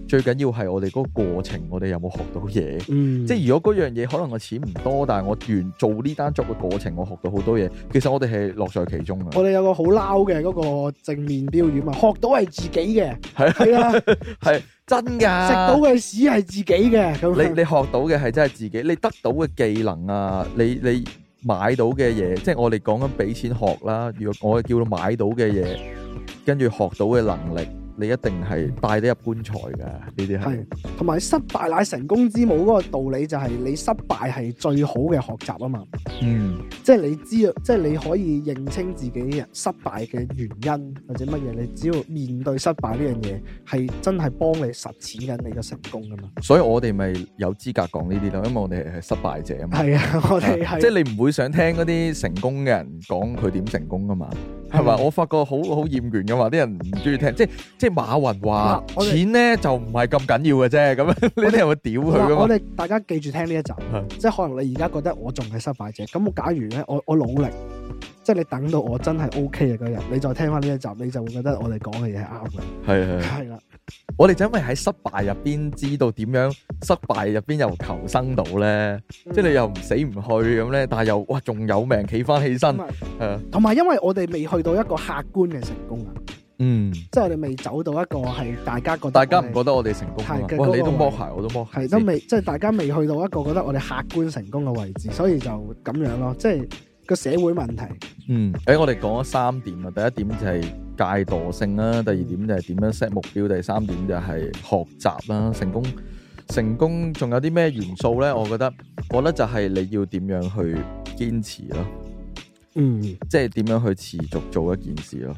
最緊要係我哋嗰個過程，我哋有冇學到嘢？嗯，即係如果嗰樣嘢可能我錢唔多，但係我完做呢單作嘅過程，我學到好多嘢。其實我哋係樂在其中啊！我哋有個好撈嘅嗰個正面標語嘛，學到係自己嘅，係 啊，係 真㗎的，食到嘅屎係自己嘅，你你學到嘅係真係自己，你得到嘅技能啊，你你買到嘅嘢，即係我哋講緊俾錢學啦。如果我叫到買到嘅嘢。跟住學到嘅能力。你一定係帶得入棺材噶，呢啲係。係，同埋失敗乃成功之母嗰個道理就係你失敗係最好嘅學習啊嘛。嗯，即係你知，即係你可以認清自己失敗嘅原因或者乜嘢，你只要面對失敗呢樣嘢，係真係幫你實踐緊你嘅成功啊嘛。所以我哋咪有資格講呢啲咯，因為我哋係失敗者啊嘛。係啊，我哋係。即係你唔會想聽嗰啲成功嘅人講佢點成功啊嘛？係咪？嗯，我發覺好好厭倦㗎嘛，啲人唔中意聽，即係即係。即馬雲話：錢咧就唔係咁緊要嘅啫。咁樣呢啲人會屌佢噶嘛？我哋大家記住聽呢一集，即係可能你而家覺得我仲係失敗者。咁我假如咧，我我努力，即係你等到我真係 OK 嘅嗰日，你再聽翻呢一集，你就會覺得我哋講嘅嘢係啱嘅。係啊，係啦，我哋就因為喺失敗入邊知道點樣，失敗入邊又求生到咧，即係你又唔死唔去咁咧，但係又哇仲有命企翻起身。係啊，同埋因為我哋未去到一個客觀嘅成功啊。嗯，即係我哋未走到一個係大家覺得，大家唔覺得我哋成功，嘅哇！你都摸鞋，我都摸鞋，係，都未，欸、即係大家未去到一個覺得我哋客觀成功嘅位置，所以就咁樣咯。即係個社會問題。嗯，誒、欸，我哋講咗三點啊，第一點就係戒惰性啦，第二點就係點樣 set 目標，第三點就係學習啦。成功成功仲有啲咩元素咧？我覺得，我覺得就係你要點樣去堅持咯。嗯，即係點樣去持續做一件事咯。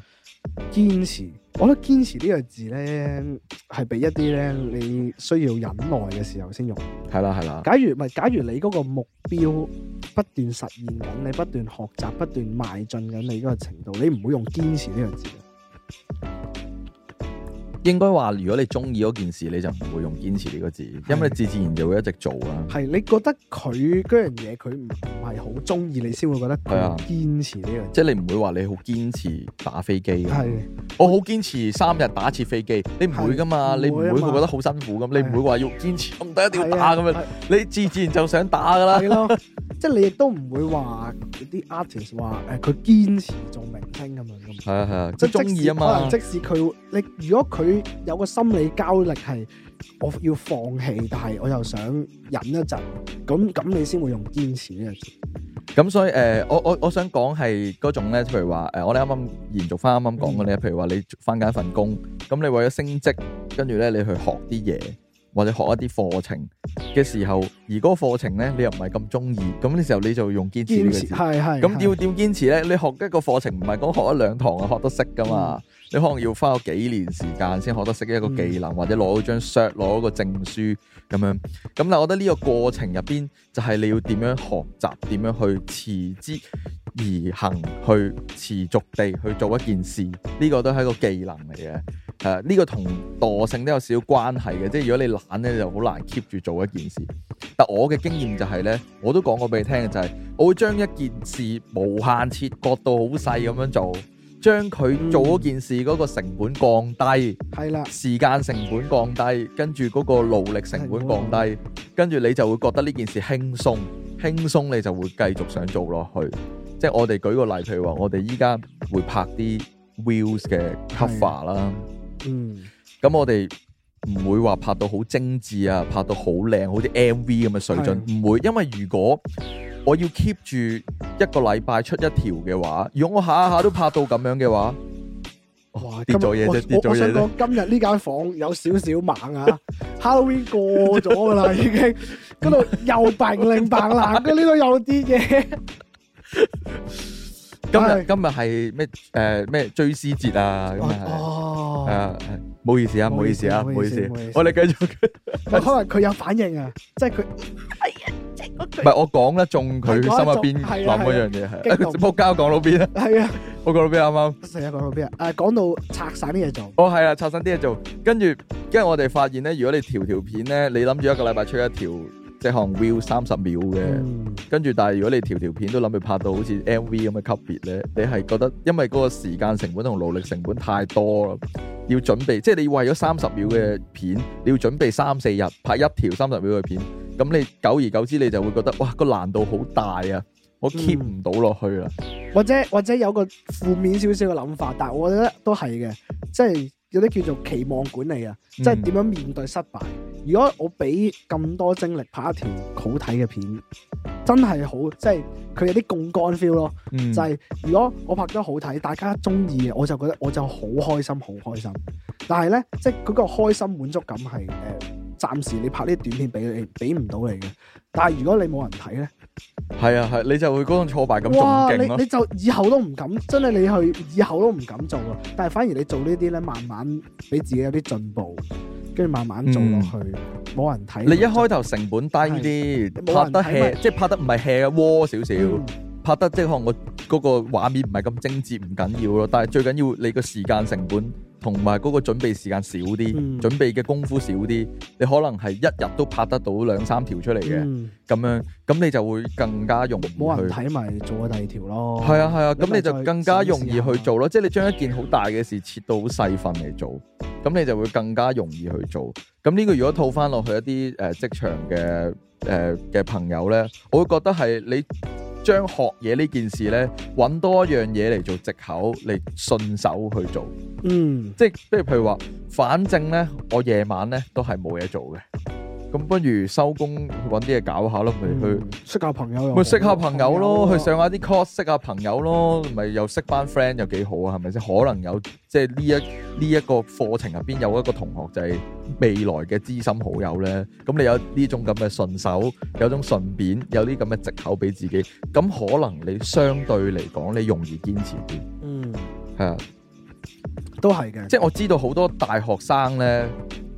堅持，我覺得堅持呢個字呢係俾一啲呢你需要忍耐嘅時候先用。係啦係啦，假如唔係，假如你嗰個目標不斷實現緊，你不斷學習，不斷邁進緊你嗰個程度，你唔會用堅持呢個字。應該話，如果你中意嗰件事，你就唔會用堅持呢個字，的因為你自自然就會一直做啦。係，你覺得佢嗰樣嘢，佢唔係好中意，你先會覺得係啊，堅持呢樣。即係你唔會話你好堅持打飛機。係的，我好堅持三日打一次飛機，你唔會噶嘛？嘛你唔會會覺得好辛苦咁，的你唔會話要堅持咁第的一定要打咁樣，你自自然就想打噶啦。的 即係你亦都唔會話啲 artist 話誒佢堅持做明星咁樣咁。係啊係啊， 即係中意啊嘛。可能即使佢 你如果佢有個心理交力係我要放棄，但係我又想忍一陣，咁咁你先會用堅持呢樣字。咁所以誒、呃，我我我想講係嗰種咧，譬如話誒、呃，我哋啱啱延續翻啱啱講嘅啲，譬如話你翻緊一份工，咁你為咗升職，跟住咧你去學啲嘢。或者學一啲課程嘅時候，而嗰個課程呢，你又唔係咁中意，咁呢時候你就用堅持呢個字。堅持，係係。咁要點堅持呢？是是是你學一個課程唔係講學一兩堂啊，學得識噶嘛？嗯、你可能要花個幾年時間先學得識一個技能，嗯、或者攞到張攞到個證書咁樣。咁但我覺得呢個過程入邊，就係你要點樣學習，點樣去持之以恆，去持續地去做一件事，呢、呢個都係一個技能嚟嘅。誒，呢、啊，這個同惰性都有少少關係嘅，即係如果你懶咧，你就好難 keep 住做一件事。但我嘅經驗就係咧，我都講過俾你聽嘅就係，是，我會將一件事無限切割到好細咁樣做，將佢做嗰件事嗰個成本降低，係啦，嗯，時間成本降低，跟住嗰個勞力成本降低，嗯，跟住你就會覺得呢件事輕鬆，輕鬆你就會繼續想做落去。即係我哋舉個例，譬如話我哋依家會拍啲 views 嘅 cover 啦。嗯嗯，咁我哋唔會話拍到好精致啊，拍到好靚，好似 MV 咁嘅水準，唔會，因為如果我要 keep 住一個禮拜出一條嘅話，如果我下下都拍到咁樣嘅話，哇，跌咗嘢啫！跌咗嘢，我想講，今日呢間房有少少猛啊，Halloween 過咗噶啦，已經，嗰度又白唪白唪，呢度有啲嘢。今日今日係咩？誒咩追思節啊？咁啊。唔好意思啊，唔好意思啊，唔好意思。我哋繼續。可能佢有反應啊，即係佢唔係我講咧，中佢心入邊諗嗰樣嘢係。仆街，講到邊啊？係啊，我講到邊啱啱？成日講到邊啊？誒，講到拆散啲嘢做。哦，係啊，拆散啲嘢做。跟住，跟住我哋發現咧，如果你條條片咧，你諗住一個禮拜出一條。這項 will 三十秒嘅，跟住、嗯、但係如果你條條片都諗住拍到好似 M V 咁嘅級別咧，你係覺得，因為嗰個時間成本同勞力成本太多咯，要準備，即係你要為咗三十秒嘅片，嗯、你要準備三四日拍一條三十秒嘅片，咁你久而久之你就會覺得哇、個難度好大啊，我 keep 唔到落去啦、嗯，或者或者有個負面少少嘅諗法，但係我覺得都係嘅，即係。有啲叫做期望管理啊，即係點樣面對失敗。嗯、如果我俾咁多精力拍一條好睇嘅片，真係好，即係佢有啲槓桿 feel 咯。嗯、就係如果我拍得好睇，大家中意嘅，我就覺得我就好開心，好開心。但係咧，即係嗰個開心滿足感係誒，暫時你拍呢啲短片俾你，俾唔到你嘅。但係如果你冇人睇咧。係啊，係、啊、你就會嗰種挫敗感勁你，你就以後都唔敢，真係你去以後都唔敢做啊。但係反而你做呢啲咧，慢慢畀自己有啲進步，跟住慢慢做落去，冇、嗯、人睇。你一開頭成本低啲，是拍得 hea 即係拍得唔係 hea 嘅窩少少，點點嗯、拍得即係可能我嗰個畫面唔係咁精致，唔緊要咯。但係最緊要你個時間成本。同埋嗰個準備時間少啲，嗯、準備嘅功夫少啲，你可能係一日都拍得到兩三條出嚟嘅，咁、嗯、樣咁你就會更加容易去。冇人睇埋做咗第二條咯。係啊係啊，咁、啊嗯、你就更加容易去做咯。嗯、即係你將一件好大嘅事切到好細份嚟做，咁、嗯、你就會更加容易去做。咁呢個如果套翻落去一啲誒、呃、職場嘅誒嘅朋友咧，我會覺得係你。將學嘢呢件事呢，揾多一樣嘢嚟做藉口，嚟順手去做。嗯，即係譬如譬如話，反正呢，我夜晚呢都係冇嘢做嘅。咁不如收工揾啲嘢搞下咯，咪去、嗯、識下朋友，咪識下朋友咯，友啊、去上下啲 course 識下朋友咯，咪又識班 friend 又幾好啊，係咪先？可能有即係呢一呢一、呢個課程入邊有一個同學就係未來嘅知心好友咧。咁你有呢種咁嘅順手，有種順便，有啲咁嘅藉口俾自己，咁可能你相對嚟講你容易堅持啲。嗯，係啊的，都係嘅。即係我知道好多大學生咧。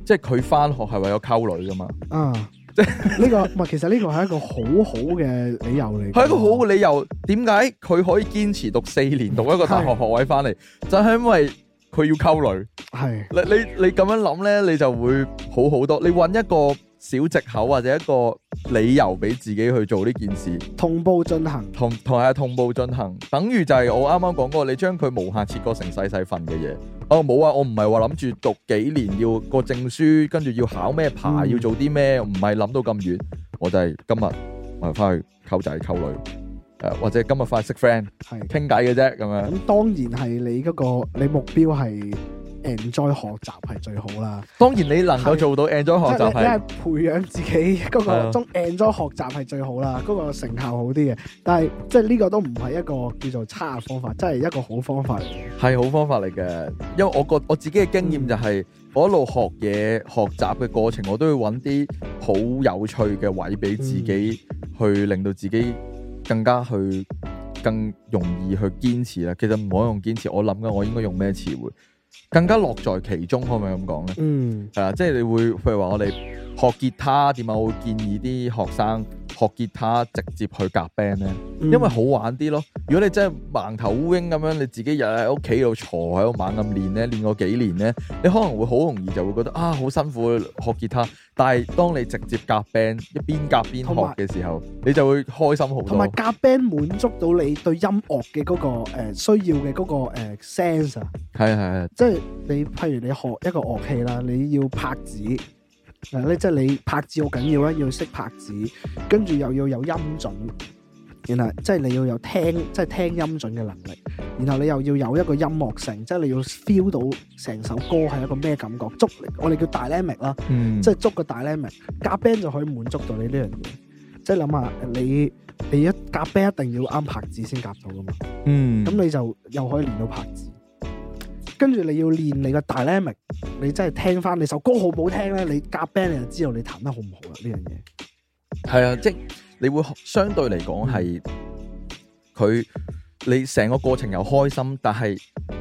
即係佢翻學係為咗溝女噶嘛？啊，即係呢個唔係，其實呢個係一,一個好好嘅理由嚟，係一個好嘅理由。點解佢可以堅持讀四年，讀一個大學學位翻嚟？是就係因為佢要溝女。係是你你你咁樣諗咧，你就會好好多。你揾一個。小藉口或者一個理由俾自己去做呢件事，同步進行，同同係同步進行，等於就係我啱啱講過，你將佢無限切割成細細份嘅嘢。哦，冇啊，我唔係話諗住讀幾年要個證書，跟住要考咩牌，嗯、要做啲咩，唔係諗到咁遠。我就係今日我哋翻去溝仔溝女，誒、呃、或者今日翻去識 friend，傾偈嘅啫咁樣。咁當然係你嗰、嗰個，你目標係。enjoy 學習係最好啦。當然你能夠做到 enjoy 是學習，即係你係培養自己嗰、那個中 enjoy 學習係最好啦，嗰、那個成效好啲嘅。但係即係呢個都唔係一個叫做差嘅方法，即係一個好方法。係好方法嚟嘅，因為我覺我自己嘅經驗就係、是嗯、我一路學嘢、學習嘅過程，我都要揾啲好有趣嘅位俾自己，嗯、去令到自己更加去更容易去堅持啦。其實唔可以用堅持，我諗緊我應該用咩詞彙？更加樂在其中，可唔可以咁講咧？嗯，誒、啊，即係你會，譬如話我哋學吉他，點解我會建議啲學生，學吉他直接去夾 band 咧，嗯、因為好玩啲咯。如果你真係盲頭烏蠅咁樣，你自己日喺屋企度坐喺度猛咁練咧，練過幾年咧，你可能會好容易就會覺得啊好辛苦學吉他。但係當你直接夾 band 一邊夾邊學嘅時候，有你就會開心好多。同埋夾 band 滿足到你對音樂嘅嗰個誒、呃、需要嘅嗰、嗰個誒 sense 啊，係係係，即係 ense 你譬如你學一個樂器啦，你要拍子。嗱咧，即係你拍子好緊要啊，要識拍子，跟住又要有音準，然後即係你要有聽，即係聽音準嘅能力，然後你又要有一個音樂性，即係你要 feel 到成首歌係一個咩感覺，捉我哋叫 dynamic 啦，即係捉個 dynamic，夾 band 就可以滿足到你呢樣嘢，即係諗下你你一夾 band 一定要啱拍子先夾到噶嘛，咁、嗯、你就又可以練到拍子。跟住你要練你個 dynamic，你真係聽翻你首歌好唔好聽咧？你夾 band 你就知道你彈得好唔好啦。呢樣嘢係啊，即係你會相對嚟講係佢，你成個過程又開心，但係音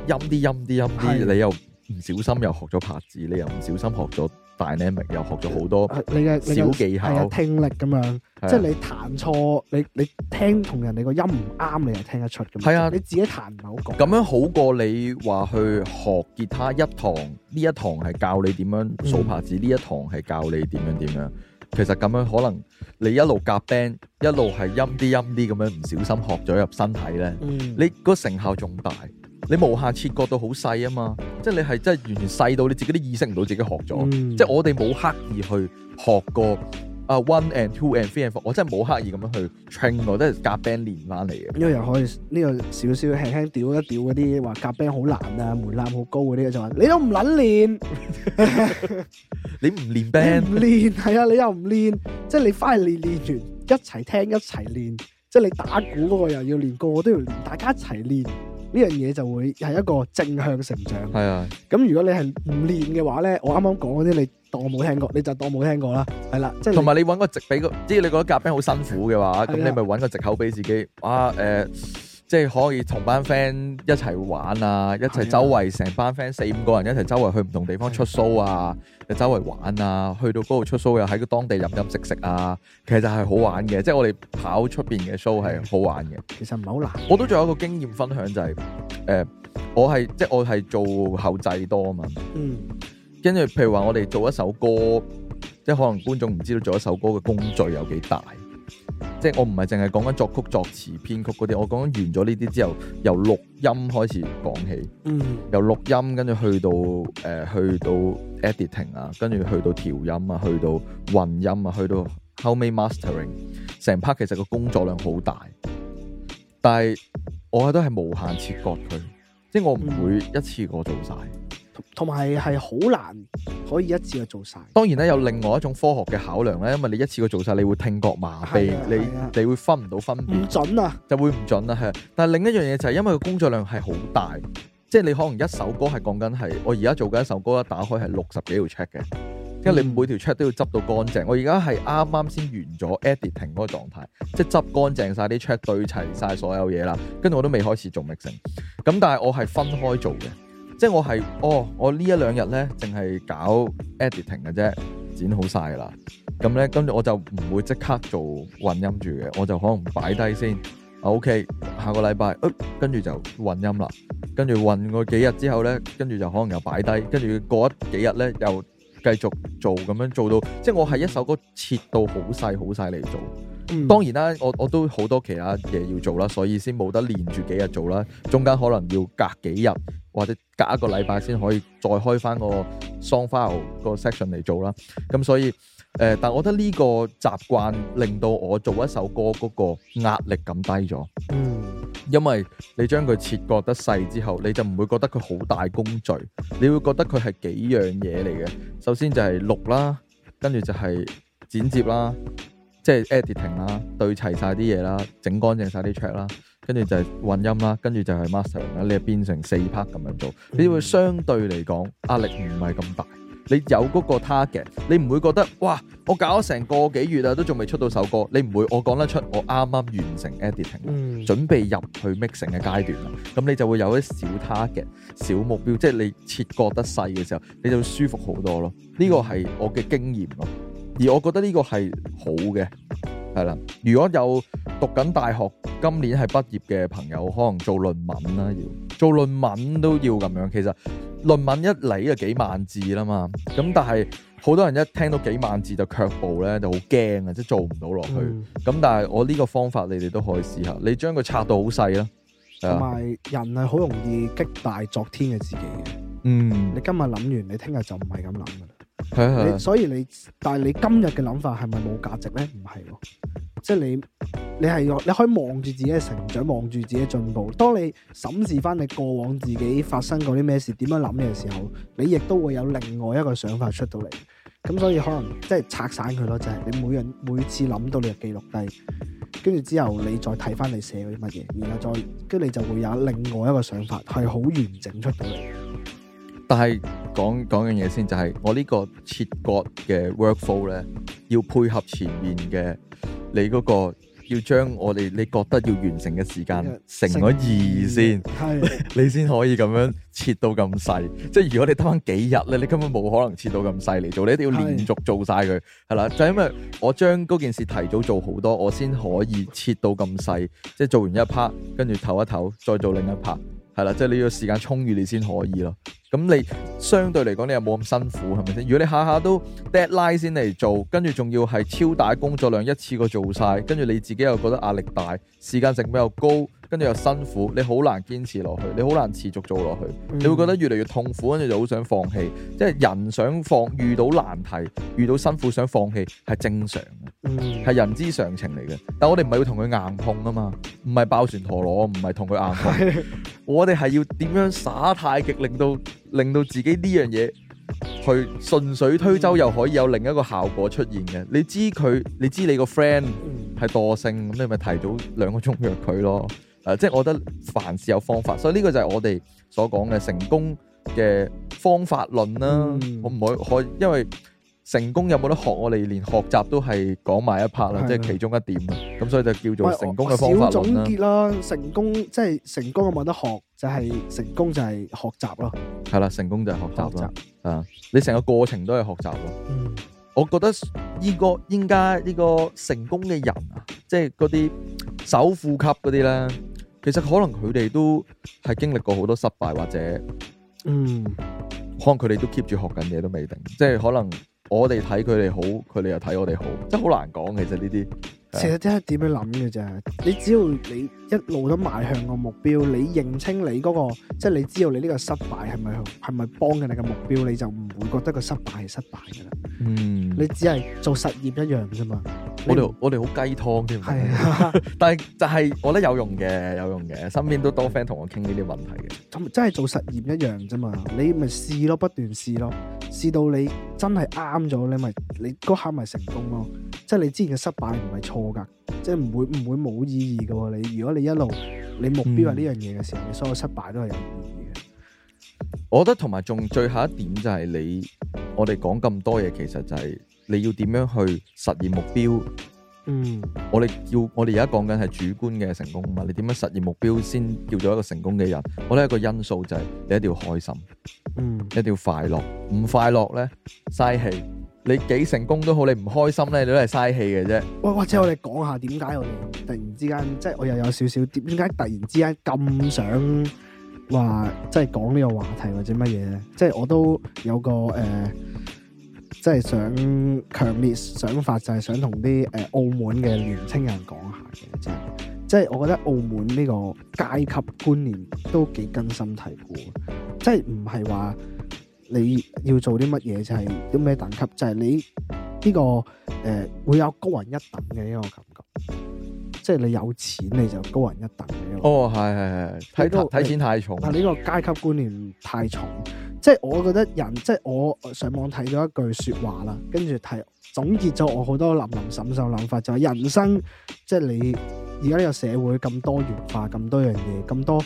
啲音啲音啲，啊、你又唔小心又學咗拍子，你又唔小心學咗。Dynamic 又學咗好多、啊、你嘅小技巧，係啊，聽力咁樣，即係你彈錯，你你聽同人哋個音唔啱，你又聽得出。係啊，你自己彈唔好講，咁樣好過你話去學吉他一堂，呢一堂係教你點樣數拍、嗯、子，呢一堂係教你點樣點樣。其實咁樣可能你一路夾 band，一路係陰啲陰啲咁樣，唔小心學咗入身體咧，嗯、你個成效仲大，你無下切割到好細啊嘛，即係你係真係完全細到你自己都意識唔到自己學咗，嗯、即係我哋冇刻意去學過。啊、uh，one and two and three and four，我真係冇刻意咁樣去 train，我都係夾 band 練翻嚟嘅。呢個又可以，呢個少少輕輕屌一屌嗰啲話夾 band 好難啊，門檻好高嗰啲就，你都唔撚練，你唔練 band，唔練，係啊，你又唔練，即係你翻嚟練，練完一齊聽一齊練，即係你打鼓嗰個又要練，個個都要練，大家一齊練。呢樣嘢就會係一個正向成長。係啊的，咁如果你係唔練嘅話咧，我啱啱講嗰啲你當我冇聽過，你就當冇聽過啦。係啦，即係同埋你揾個藉俾個，即係你覺得夾 band 好辛苦嘅話，咁的你咪揾個藉口俾自己。哇，誒、呃。即係可以同班 friend 一齊玩啊，一齊周圍成的班 friend 四五個人一齊周圍去唔同地方出 show 啊，又的周圍玩啊，去到嗰度出 show 又喺個當地飲飲食食啊，其實係好玩嘅，即係我哋跑出邊嘅 show 係好玩嘅。其實唔係好難，我都仲有一個經驗分享就係，是，誒、呃，我係即係我係做後製多啊嘛。嗯。跟住，譬如話我哋做一首歌，即係可能觀眾唔知道做一首歌嘅工序有幾大。即係我唔係淨係講緊作曲、作詞、編曲嗰啲，我講完咗呢啲之後，由錄音開始講起，嗯，由錄音跟住去到誒、呃，去到 editing 啊，跟住去到調音啊，去到混音啊，去到後尾 mastering，成 part 其實個工作量好大，但係我係都係無限切割佢，即係我唔會一次過做晒。嗯同埋係好難可以一次過做晒。當然咧，有另外一種科學嘅考量咧，因為你一次過做晒，你會聽覺麻痹，的你的你會分唔到分別，唔準啊，就會唔準啊係。但係另一樣嘢就係因為個工作量係好大，即係你可能一首歌係講緊係我而家做緊一首歌一打開係六十幾條 check 嘅，因為、嗯、你每條 check 都要執到乾淨。我而家係啱啱先完咗 editing 嗰個狀態，即係執乾淨晒啲 check 對齊晒所有嘢啦，跟住我都未開始做 mixing，咁但係我係分開做嘅。嗯。即係我係哦，我一兩呢一兩日咧淨係搞 editing 嘅啫，剪好晒啦。咁咧跟住我就唔會即刻做混音住嘅，我就可能擺低先。啊、o、okay, k 下個禮拜、呃，跟住就混音啦。跟住混過幾日之後咧，跟住就可能又擺低，跟住過咗幾日咧又繼續做，咁樣做到。即係我係一首歌切到好細好細嚟做。嗯、當然啦，我我都好多其他嘢要做啦，所以先冇得連住幾日做啦，中間可能要隔幾日。或者隔一個禮拜先可以再開翻個 song file 個 section 嚟做啦，咁所以誒、呃，但我覺得呢個習慣令到我做一首歌嗰個壓力感低咗。嗯，因為你將佢切割得細之後，你就唔會覺得佢好大工序，你會覺得佢係幾樣嘢嚟嘅。首先就係錄啦，跟住就係剪接啦，即係 editing 啦，對齊晒啲嘢啦，整乾淨晒啲 check 啦。跟住就係混音啦，跟住就係 master 啦，你就變成四 part 咁樣做，你會相對嚟講壓力唔係咁大。你有嗰個 target，你唔會覺得哇，我搞咗成個幾月啊，都仲未出到首歌。你唔會，我講得出我啱啱完成 editing，嗯，準備入去 mixing 嘅階段啦。咁你就會有一小 target、小目標，即係你切割得細嘅時候，你就舒服好多咯。呢個係我嘅經驗咯，而我覺得呢個係好嘅。係啦，如果有讀緊大學，今年係畢業嘅朋友，可能做論文啦，要做論文都要咁樣。其實論文一嚟就幾萬字啦嘛，咁但係好多人一聽到幾萬字就卻步咧，就好驚啊，即係做唔到落去。咁、嗯、但係我呢個方法，你哋都可以試下。你將佢拆到好細啦，同埋人係好容易激大昨天嘅自己嘅。嗯，你今日諗完，你聽日就唔係咁諗㗎啦。係啊，所以你，但係你今日嘅諗法係咪冇價值咧？唔係，即係你，你係你可以望住自己嘅成長，望住自己嘅進步。當你審視翻你過往自己發生過啲咩事，點樣諗嘅時候，你亦都會有另外一個想法出到嚟。咁所以可能即係拆散佢咯，就係你每樣每次諗到你就記錄低，跟住之後你再睇翻你寫嗰啲乜嘢，然後再跟住你就會有另外一個想法，係好完整出到嚟。但係講講樣嘢先、就係，就係我呢個切割嘅 workflow 咧，要配合前面嘅你嗰、嗰個，要將我哋你覺得要完成嘅時間乘咗二先，你先可以咁樣切到咁細。即係如果你得返幾日，你你根本冇可能切到咁細嚟做，你一定要連續做晒佢，係啦的。就係、因為我將嗰件事提早做好多，我先可以切到咁細。即係做完一 part，跟住唞一唞，再做另一 part。係啦，即係、 就是、你要時間充裕，你先可以咯。咁你相對嚟講，你又冇咁辛苦，係咪先？如果你下下都 deadline 先嚟做，跟住仲要係超大工作量一次過做晒，跟住你自己又覺得壓力大，時間成本又高。跟住又辛苦，你好難堅持落去，你好難持續做落去，嗯、你會覺得越嚟越痛苦，跟住就好想放棄。即係人想放，遇到難題、遇到辛苦想放棄係正常嘅，係、嗯、人之常情嚟嘅。但我哋唔係要同佢硬碰啊嘛，唔係爆旋陀螺，唔係同佢硬碰。是的 我哋係要點樣耍太極，令到令到自己呢樣嘢去順水推舟，嗯、又可以有另一個效果出現嘅。你知佢，你知你個 friend 係惰性，咁你咪提早兩個鐘約佢咯。誒，即係我覺得凡事有方法，所以呢個就係我哋所講嘅成功嘅方法論啦。嗯、我唔可以，因為成功有冇得學我，我哋連學習都係講埋一 part a 啦，的即係其中一點。咁所以就叫做成功嘅方法論啦。少總結啦，成功即係成功有冇得學，就係、是、成功就係學習咯。係啦，成功就係學習咯。啊習，你成個過程都係學習咯。嗯，我覺得呢、這個而家呢個成功嘅人啊，即係嗰啲首富級嗰啲咧。其實可能佢哋都係經歷過好多失敗或者，嗯，可能佢哋都 keep 住學緊嘢，都未定，即係可能我哋睇佢哋好，佢哋又睇我哋好，即係好難講。其實呢啲，其實真係點樣諗嘅啫，你只要你。一路都邁向個目標，你認清你嗰、嗰個，即係你知道你呢個失敗係咪係咪幫緊你嘅目標，你就唔會覺得個失敗係失敗嘅啦。嗯，你只係做實驗一樣啫嘛。我哋們不我哋好雞湯添，係啊。 但係就係我覺得有用嘅，有用嘅。身邊都多 friend 同我傾呢啲問題嘅。咁、嗯嗯嗯嗯、真係做實驗一樣啫嘛。你咪試咯，不斷試咯，試到你真係啱咗，你咪你嗰刻咪成功咯。即係你之前嘅失敗唔係錯噶，即係唔會唔會冇意義㗎。你如果你，如果你一路你目標係呢樣嘢嘅時候，你、嗯、所有失敗都係有意義嘅。我覺得同埋仲最後一點就係你，我哋講咁多嘢，其實就係你要點樣去實現目標。嗯，我哋要我哋而家講緊係主觀嘅成功啊嘛，你點樣實現目標先叫做一個成功嘅人？我覺得一個因素就係你一定要開心，嗯，一定要快樂。唔快樂咧，嘥氣。你幾成功都好，你唔開心咧，你都係嘥氣嘅啫。或者我哋講下點解我哋突然之間，即係是我又有少少點？點解突然之間咁想話，即係講呢個話題或者乜嘢？即係我都有個誒、呃，即係想強烈想法就想，就係想同啲誒澳門嘅年青人講下嘅，即係即係我覺得澳門呢個階級觀念都幾根深蒂固，即係唔係話。你要做啲乜嘢就係啲咩等級，就係、是、你呢、這個誒、呃、會有高人一等嘅呢個感覺，即係你有錢你就高人一等嘅哦，係係係睇到睇錢太重，但呢個階級觀念太重，即、就、係、是、我覺得人即係、就是、我上網睇咗一句說話啦，跟住睇總結咗我好多林林審計諗法就係、是、人生，即、就、係、是、你而家呢個社會咁多元化，咁多樣嘢，咁多。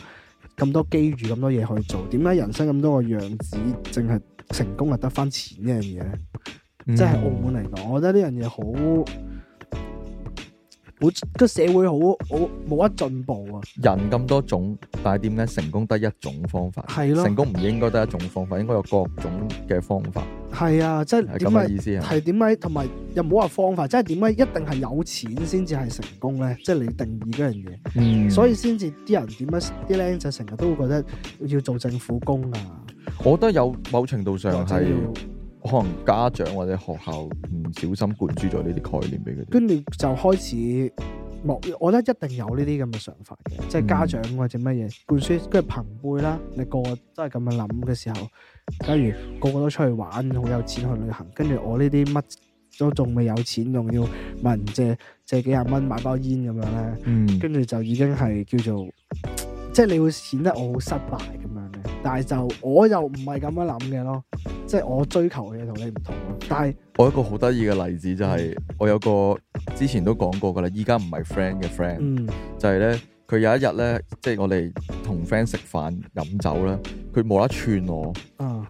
咁多機遇，咁多嘢去做，點解人生咁多個樣子，淨係成功係得返錢呢樣嘢咧？即係、嗯、澳門嚟講，我覺得呢樣嘢好。好，個社會好，好冇乜進步啊！人咁多種，但係點解成功得一種方法？係咯的，成功唔應該得一種方法，應該有各種嘅方法。係啊，即係咁嘅意思啊。係點解？同埋又冇話方法，即係點解一定係有錢先至係成功咧？即係你定義嗰樣嘢，嗯，所以先至啲人點解啲僆仔成日都會覺得要做政府工啊？我覺得有某程度上係。可能家長或者學校唔小心灌輸咗呢啲概念俾佢，跟住就開始，我覺得一定有呢啲咁嘅想法嘅，即係家長或者乜嘢灌輸，跟住朋輩啦，你個個都係咁樣諗嘅時候，假如個個都出去玩，好有錢去旅行，跟住我呢啲乜都仲未有錢，仲要問人借借幾廿蚊買包煙咁樣咧，嗯，跟住就已經係叫做，即係你會顯得我好失敗。但係就我又唔係咁樣諗嘅咯，即係我追求嘅嘢同你唔同咯。但係我一個好得意嘅例子就係，我有個之前都講過噶啦，依家唔係 friend 嘅 friend，就係咧佢有一日咧，即係我哋同 friend 食飯飲酒啦，佢冇得串我，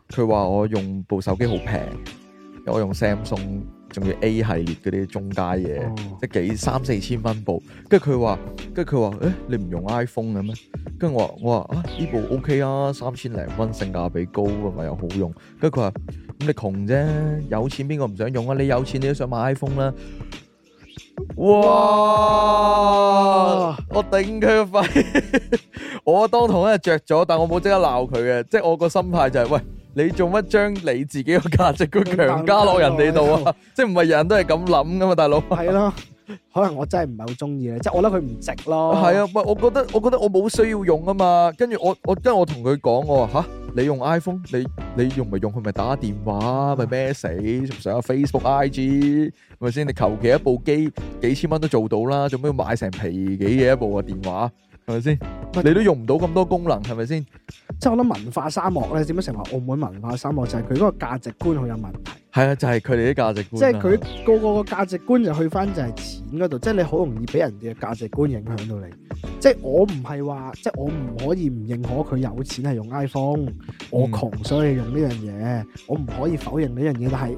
佢話、啊、我用部手機好平，我用 Samsung。仲要 A 系列嗰啲中階嘢，oh. 即係幾三四千蚊部，跟住佢話，跟住佢話，誒、欸，你唔用 iPhone 嘅咩？跟住我話，我話啊呢部 OK 啊，三千零蚊性價比高，同埋又好用。跟住佢話，咁、嗯、你窮啫，有錢邊個唔想用啊？你有錢你都想買 iPhone 啦。哇！Oh. 我頂佢個肺， 我當堂一着咗，但我冇即刻鬧佢嘅，即、就、係、是、我個心態就係、是、喂。你做乜將你自己個價值都強加落人哋度啊？即係唔係人人都係咁諗噶嘛，大佬？係 咯，可能我真係唔係好中意啊。即係我覺得佢唔值咯。係啊， 我覺得我覺得我冇需要用啊嘛。跟住我我跟住我同佢講，我話吓你用 iPhone，你你用咪用，佢咪打電話，咪咩死，仲上下 Facebook、IG，咪先。你求其一部機幾千蚊都做到啦，做咩要買成皮幾嘅一部個電話？ 係咪先？是是你都用唔到咁多功能，係咪先？即係我諗文化沙漠咧，點樣成為澳門文化沙漠？就係佢嗰個價值觀好有問題。係啊，就係佢哋啲價值觀。即係佢個個個價值觀就去返就係錢嗰度，即係你好容易俾人哋嘅價值觀影響到你。即係我唔係話，即係我唔可以唔認可佢有錢係用 iPhone，嗯、我窮所以用呢樣嘢，我唔可以否認呢樣嘢，但係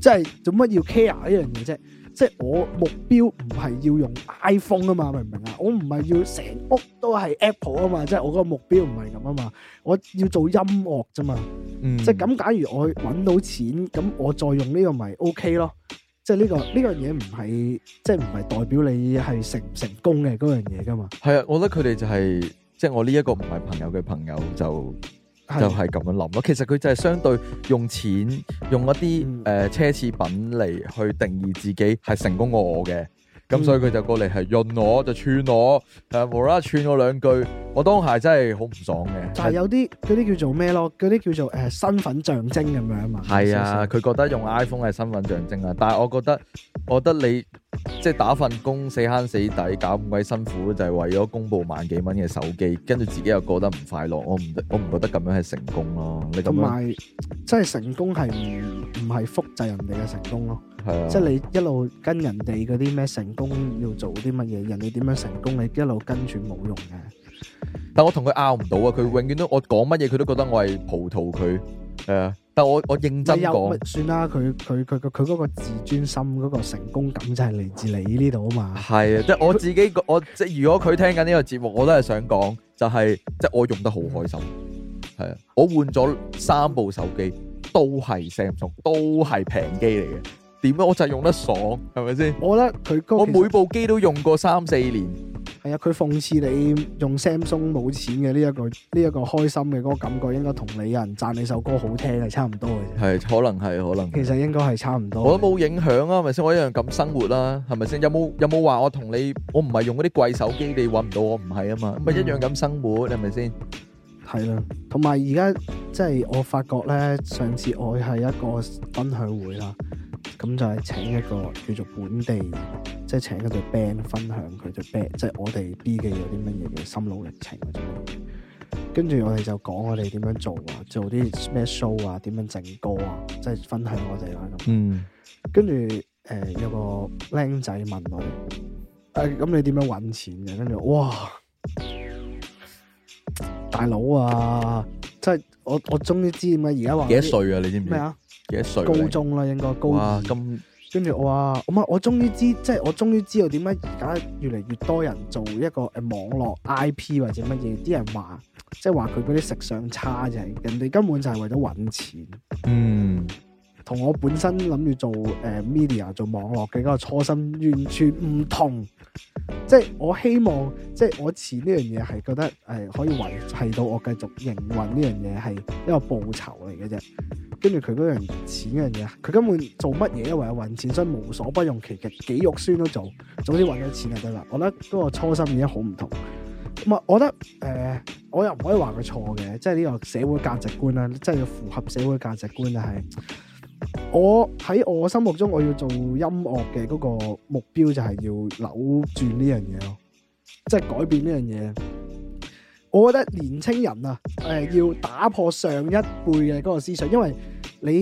即係做乜要 care 呢樣嘢啫？即係我目標唔係要用 iPhone 啊嘛，明唔明啊？我唔係要成屋都係 Apple 啊嘛，即係我個目標唔係咁啊嘛。我要做音樂啫嘛，嗯、即係咁。假如我搵到錢，咁我再用呢個咪 OK 咯。即係、這、呢個呢樣嘢唔係，即係唔係代表你係成唔成功嘅嗰樣嘢噶嘛。係啊，我覺得佢哋就係、是，即係我呢一個唔係朋友嘅朋友就。就係咁樣諗咯，其實佢就係相對用錢，用一啲、嗯呃、奢侈品嚟去定義自己係成功過我嘅。咁、嗯、所以佢就過嚟係潤我，就串我，誒，無啦啦串我兩句，我當下真係好唔爽嘅。但係有啲啲叫做咩咯？嗰啲叫做誒、呃、身份象徵咁樣嘛。係啊，佢是覺得用 iPhone 係身份象徵啊。嗯、但係我覺得，我覺得你即係打份工死慳死抵搞咁鬼辛苦，就係、是、為咗公布萬幾蚊嘅手機，跟住自己又覺得唔快樂，我唔我唔覺得咁樣係成功咯。同埋，真係成功係。唔係複製人哋嘅成功咯，係啊，即係你一路跟人哋嗰啲咩成功要做啲乜嘢，人哋點樣成功，你一路跟住冇用嘅。但我同佢拗唔到啊，佢永遠都我講乜嘢佢都覺得我係葡萄佢，誒、啊！但我我認真講，算啦，佢佢佢佢佢嗰個自尊心嗰、嗰個成功感就係嚟自你呢度啊嘛。係啊，即係我自己，我即係如果佢聽緊呢個節目，我都係想講、就係，就係即係我用得好開心，係啊，我換咗三部手機。都係 Samsung，都係平機嚟嘅。點解？我就係用得爽，係咪先？我覺得佢，我每部機都用過三四年。係啊，佢諷刺你用 Samsung 冇錢嘅呢一個呢一個開心嘅嗰個感覺，應該同你有人讚你首歌好聽係差唔多嘅。係，可能係，可能。其實應該係差唔多。我都冇影響啊，係咪先？我一樣咁生活啦，係咪先？有冇有冇話我同你？我唔係用嗰啲貴手機，你揾唔到我唔係啊嘛，咪一樣咁生活，係咪先？係啦，同埋而家即係我發覺咧，上次我係一個分享會啦，咁就係請一個叫做本地，即係請一個 band 分享佢嘅 band，即係我哋 B 嘅有啲乜嘢嘅心路歷程嗰種。跟住我哋就講我哋點樣做，做啊，做啲咩 show 啊，點樣整歌啊，即係分享我哋啦咁。嗯，跟住誒有個僆仔問我，誒、啊、咁你點樣搵錢嘅？跟住哇！大佬啊，即係我我終於知點解而家話，幾多歲啊？你知唔知咩啊？幾多歲啊？高中啦，應該高中咁。跟住我話，咁啊，我終於知，即係我終於知道點解而家越嚟越多人做一個誒網絡 IP 或者乜嘢？啲人話即係話佢嗰啲食相差就啫，人哋根本就係為咗搵錢。嗯。同我本身諗住做誒 media 做網絡嘅，嗰那個初心完全唔同，即係我希望，即係我錢呢樣嘢，係覺得誒、呃、可以維繫到我繼續營運呢樣嘢，係一個報酬嚟嘅啫。跟住佢嗰樣錢嗰樣嘢，佢根本做乜嘢都為咗錢，所以無所不用其極，幾肉酸都做，總之揾到錢就得啦。我諗嗰個初心已經好唔同。咁啊，我覺得誒、呃、我又唔可以話佢錯嘅，即係呢個社會價值觀啦，即係要符合社會價值觀係。我喺我心目中，我要做音樂嘅嗰個目標就係要扭轉呢樣嘢，即係改變呢樣嘢。我覺得年輕人啊，誒、呃，要打破上一輩嘅嗰個思想，因為你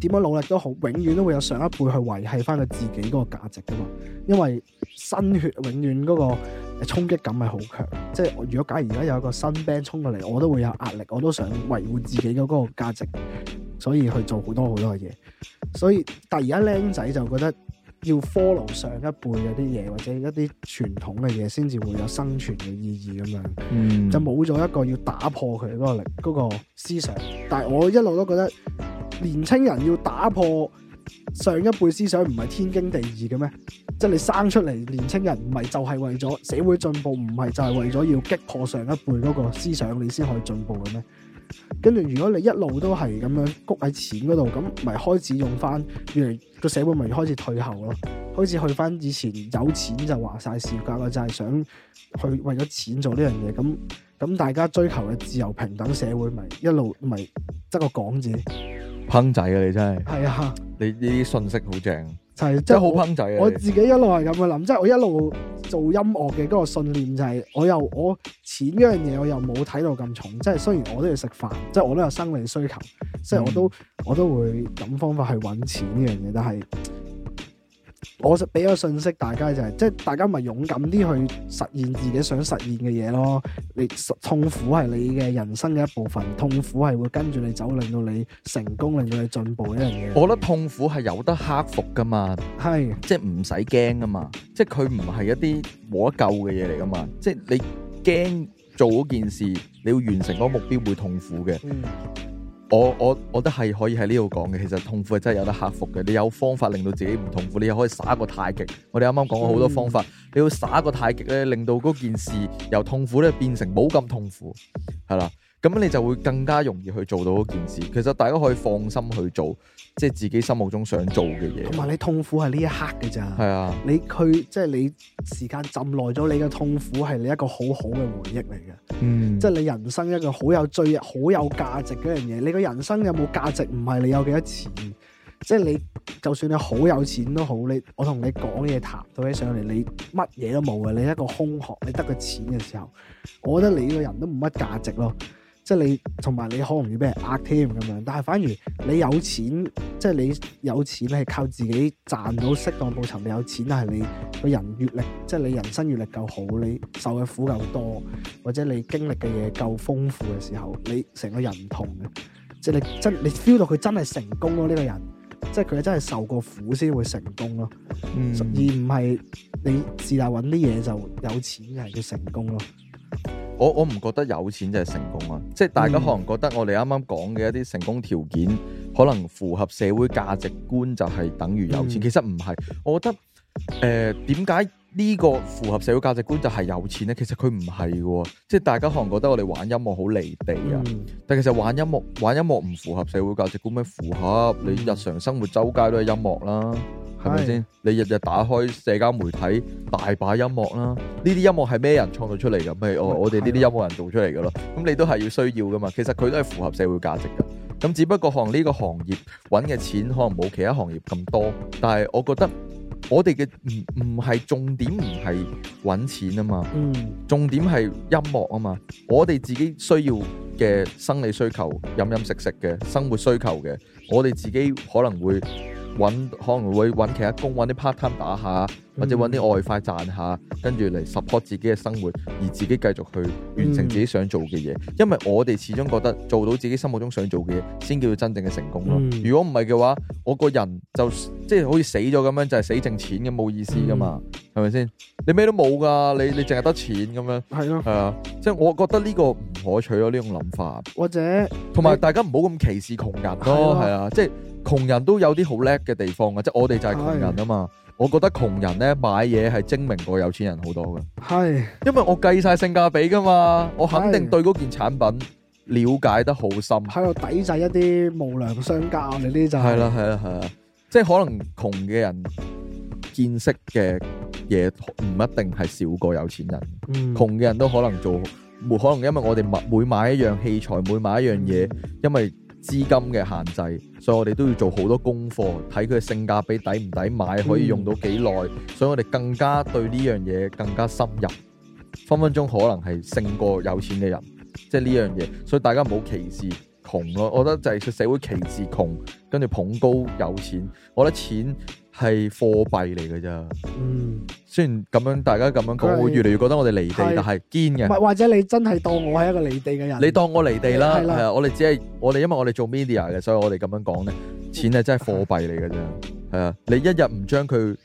點樣努力都好，永遠都會有上一輩去維繫返佢自己嗰個價值㗎嘛。因為新血永遠嗰個衝擊感係好強，即係如果假如而家有一個新 band 衝過嚟，我都會有壓力，我都想維護自己嗰個價值。所以去做好多好多嘅嘢，所以但而家僆仔就覺得要 follow 上一輩嗰啲嘢，或者一啲傳統嘅嘢，先至會有生存嘅意義，咁樣，嗯、就冇咗一個要打破佢嗰個嗰個思想。但係我一路都覺得年青人要打破上一輩思想，唔係天經地義嘅咩？即係你生出嚟年青人，唔係就係為咗社會進步，唔係就係為咗要擊破上一輩嗰個思想，你先可以進步嘅咩？跟住，如果你一路都係咁樣谷喺錢嗰度，咁咪開始用翻，原嚟個社會咪開始退後咯，開始去翻以前有錢就話晒事噶啦，就係想去為咗錢做呢樣嘢，咁咁大家追求嘅自由平等社會，咪一路咪執個港字，Band 仔啊你真係，係啊，你啲信息好正。係真係好掹仔啊！我自己一路係咁樣諗，即係我一路做音樂嘅嗰個信念就係，我又我錢嗰樣嘢我又冇睇到咁重，即係雖然我都要食飯，即係我都有生理需求，即係我都、嗯、我都會諗方法去搵錢呢樣嘢，但係。我就俾個信息大家就係，即係大家咪勇敢啲去實現自己想實現嘅嘢咯。你痛苦係你嘅人生嘅一部分，痛苦係會跟住你走，令到你成功，令到你進步一樣嘢。我覺得痛苦係有得克服㗎嘛，係是即係唔使驚㗎嘛，即係佢唔係一啲冇得救嘅嘢嚟㗎嘛，即係你驚做件事，你要完成嗰個目標會痛苦嘅。嗯。我我我覺得係可以喺呢度講嘅，其實痛苦係真係有得克服嘅。你有方法令到自己唔痛苦，你又可以耍個太極。我哋啱啱講過好多方法，嗯、你要耍個太極咧，令到嗰件事由痛苦咧變成冇咁痛苦，係啦，咁你就會更加容易去做到嗰件事。其實大家可以放心去做。即係自己心目中想做嘅嘢，同埋你痛苦係呢一刻嘅咋？係是啊你你，你佢即係你時間浸耐咗，你嘅痛苦係你一個好好嘅回憶嚟嘅。嗯，即係你人生一個好有最好有價值嗰樣嘢。你個人生有冇價值，唔係你有幾多錢？即係你就算你好有錢都好，你我同你講嘢談到起上嚟，你乜嘢都冇嘅，你一個空殼，你得個錢嘅時候，我覺得你呢個人都冇乜價值咯。即係你同埋你好容易俾人呃添咁樣，但係反而你有錢，即係你有錢咧係靠自己賺到適當報酬。你有錢，但係你個人閱歷，即係你人生閱歷夠好，你受嘅苦夠多，或者你經歷嘅嘢夠豐富嘅時候，你成個人唔同嘅，即係你，你真你 feel 到佢真係成功咯呢個人，即係佢真係受過苦先會成功咯，嗯、而唔係你自大揾啲嘢就有錢就係叫成功咯。我我唔覺得有錢就係成功啊！即係大家可能覺得我哋啱啱講嘅一啲成功條件，嗯、可能符合社會價值觀就係等於有錢，嗯、其實唔係。我覺得誒，呃、點解？呢個符合社會價值觀就係有錢呢，其實佢唔係嘅，即係大家可能覺得我哋玩音樂好離地啊，嗯、但其實玩音樂玩音樂唔符合社會價值觀咩？符合，嗯、你日常生活周街都係音樂啦，係咪先？你日日打開社交媒體，大把音樂啦，呢啲音樂係咩人創造出嚟嘅？咪、哦、我哋呢啲音樂人做出嚟嘅咯，咁你都係要需要噶嘛？其實佢都係符合社會價值嘅，咁只不過可能呢個行業揾嘅錢可能冇其他行業咁多，但係我覺得。我哋嘅唔唔係重點，唔係揾錢啊嘛，嗯、重點係音樂啊嘛。我哋自己需要嘅生理需求、飲飲食食嘅生活需求嘅，我哋自己可能會，揾可能會揾其他工，揾啲 part time 打下，或者揾啲外快賺下，跟住嚟 support 自己嘅生活，而自己繼續去完成自己想做嘅嘢。嗯、因為我哋始終覺得做到自己心目中想做嘅嘢，先叫做真正嘅成功咯。如果唔係嘅話，我個人就，就即係好似死咗咁樣，就係、係、死剩錢咁冇意思噶嘛，係咪先？你咩都冇噶，你你淨係得錢咁樣，係咯對了、啊，係啊。即係我覺得呢個唔可取咯、啊，呢種諗法。或者同埋大家唔好咁歧視窮人咯，係啊，即係。窮人都有啲好叻嘅地方嘅，即係我哋就係窮人啊嘛。是我覺得窮人咧，買嘢係精明過有錢人好多嘅，係是，因為我計晒性價比噶嘛，我肯定對嗰件產品了解得好深，喺度抵制一啲無良商家、就是、啊！你呢就係，係啦係啦係啦，即係可能窮嘅人見識嘅嘢唔一定係少過有錢人，窮嘅、嗯、人都可能做，冇可能因為我哋每買一樣器材，每買一樣嘢，因為。資金嘅限制，所以我哋都要做好多功課，睇佢嘅性價比抵唔抵買，可以用到幾耐。嗯、所以我哋更加對呢樣嘢更加深入，分分鐘可能係勝過有錢嘅人，即係呢樣嘢。所以大家唔好歧視窮咯，我覺得就係社會歧視窮，跟住捧高有錢。我覺得錢，係貨幣嚟噶咋？嗯，雖然咁樣，大家咁樣講，會是越嚟越覺得我哋離地，是但係堅嘅。唔係，或者你真係當我係一個離地嘅人？你當我離地啦，係啊。我哋只係我哋，因為我哋做 media 嘅，所以我哋咁樣講咧，錢係真係貨幣嚟噶咋？係啊、嗯的，你一日唔將佢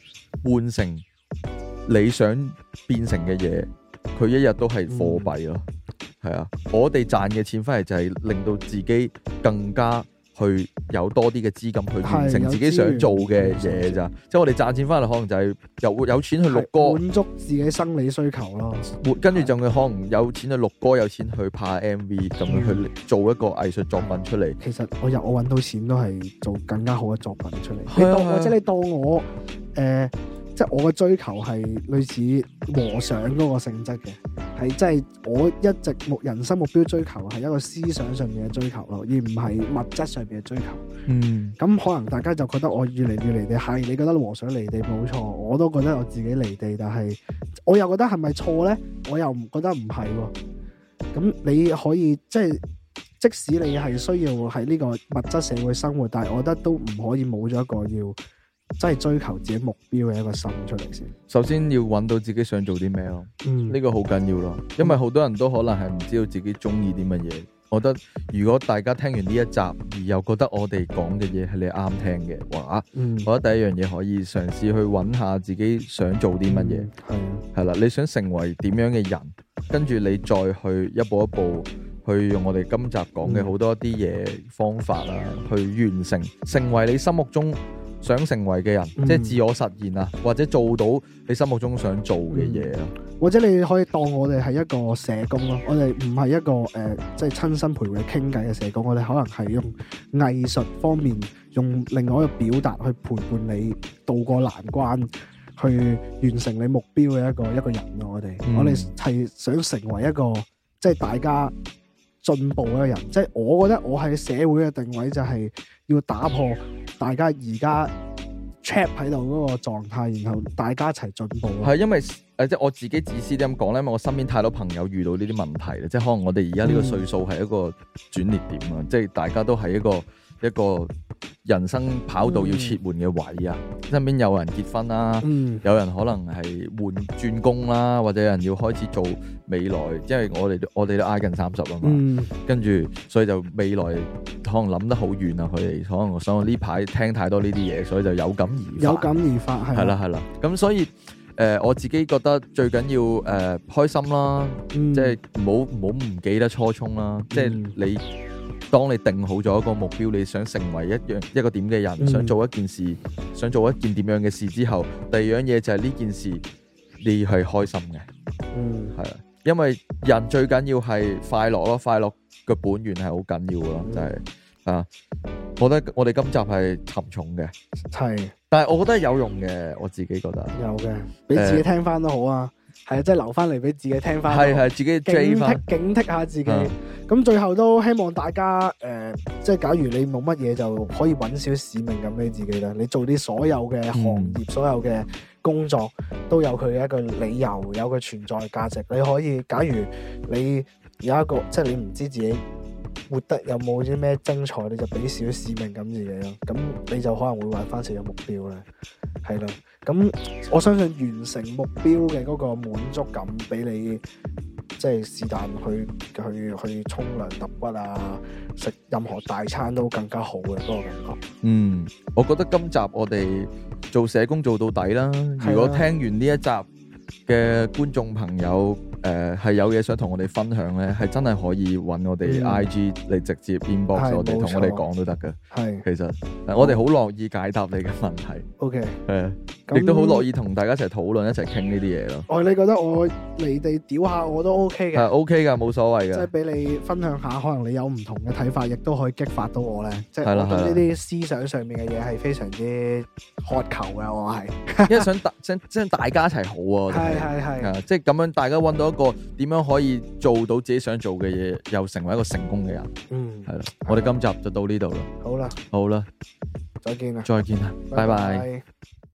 換成你想變成嘅嘢，佢一日都係貨幣咯。係啊、嗯，我哋賺嘅錢，返嚟就係令到自己更加。去有多啲嘅資金去完成自己想做嘅嘢咋？即係我哋賺錢返嚟，可能就係又會有錢去錄歌，滿足自己生理需求咯。跟住仲佢可能有錢去錄歌，有錢去拍 MV，咁樣去做一個藝術作品出嚟。其實我入我揾到錢都係做更加好嘅作品出嚟。係啊、係，你當或者你當我誒。呃即係我嘅追求係類似和尚嗰個性質嘅，係即係我一直目人生目標追求係一個思想上面嘅追求咯，而唔係物質上面嘅追求。追求，嗯，咁可能大家就覺得我越嚟越離地，係，你覺得和尚離地冇錯，我都覺得我自己離地，但係我又覺得係咪錯呢？我又唔覺得唔係喎。咁你可以即係，即係、即使你係需要喺呢個物質社會生活，但係我覺得都唔可以冇咗一個要。真係追求自己目標嘅一個心出嚟先，首先要揾到自己想做啲咩咯，嗯、呢個好緊要咯，因為好多人都可能係唔知道自己中意啲乜嘢。我覺得如果大家聽完呢一集，而又覺得我哋講嘅嘢係你啱聽嘅話，嗯、我覺得第一樣嘢可以嘗試去揾下自己想做啲乜嘢，係啦、嗯，你想成為點樣嘅人，跟住你再去一步一步去用我哋今集講嘅好多啲嘢方法啊，嗯、去完成，成為你心目中。想成為嘅人，即係自我實現啊，嗯、或者做到你心目中想做嘅嘢啊，或者你可以當我哋係一個社工咯，我哋唔係一個誒，即、呃、係、就是、親身陪你傾偈嘅社工，我哋可能係用藝術方面，用另外一個表達去陪伴你渡過難關，去完成你目標嘅一個一個人咯。我哋，嗯、我哋係想成為一個即係、就是、大家進步嘅人，即、就、係、是、我覺得我喺社會嘅定位就係、是。要打破大家而家 check 喺度嗰個狀態，然後大家一齊進步。係、嗯、因為誒、啊，即係我自己自私啲咁講咧，因為我身邊太多朋友遇到呢啲問題咧，即係可能我哋而家呢個歲數係一個轉捩點啊，嗯、即係大家都係一個一個人生跑道要切換嘅位啊。嗯、身邊有人結婚啦，嗯、有人可能係換轉工啦，或者有人要開始做未來，因為我哋我哋都挨近三十啊嘛，嗯、跟住所以就未來。可能諗得好遠啊！佢哋可能我想我呢排聽太多呢啲嘢，所以就有感而發有感而發係。係啦係啦，咁所以誒，我自己覺得最緊要誒開心啦，即係唔好唔好唔記得初衷啦。即係你當你定好咗一個目標，你想成為一樣一個點嘅人，想做一件事，想做一件點樣嘅事之後，第二樣嘢就係呢件事你係開心嘅。嗯，係，因為人最緊要係快樂咯，快樂嘅本源係好緊要咯，就係。啊！Uh, 我覺得我哋今集係沉重嘅，係的，但係我覺得有用嘅，我自己覺得。有嘅，俾自己聽翻都好啊，係啊、uh，即係留翻嚟俾自己聽翻，係係自己警惕，警惕下自己。咁、uh, 最後都希望大家誒、呃，即係假如你冇乜嘢，就可以揾少使命咁俾自己啦。你做啲所有嘅行業，嗯、所有嘅工作都有佢嘅一個理由，有佢存在價值。你可以，假如你有一個，即係你唔知自己。活得有冇啲咩精彩，你就畀少使命感自己咯。咁你就可能會揾翻成個目標咧，係咯。咁我相信完成目標嘅嗰個滿足感，畀你即係是但去去去沖涼揼骨啊，食任何大餐都更加好嘅嗰、那個感覺。嗯，我覺得今集我哋做社工做到底啦。的如果聽完呢一集嘅觀眾朋友，誒、呃、係有嘢想同我哋分享咧，係真係可以揾我哋 I G 嚟直接 inbox 是我哋錯，同我哋講都得㗎。係是，其實、嗯、我哋好樂意解答你嘅問題。O K，係。Okay. 呃亦都好樂意同大家一齊討論一齊傾呢啲嘢咯。哦，你覺得我你哋屌下我都 OK 嘅，係 OK 噶，冇所謂嘅。即係俾你分享下，可能你有唔同嘅睇法，亦都可以激發到我咧。係係啦。呢啲思想上面嘅嘢係非常之渴求噶，我係。因為想大大家一齊好啊。係係係。即係咁樣，大家搵到一個點樣可以做到自己想做嘅嘢，又成為一個成功嘅人。嗯，係啦。我哋今集就到呢度啦。好啦，好啦，再見啦，再見啦，拜拜。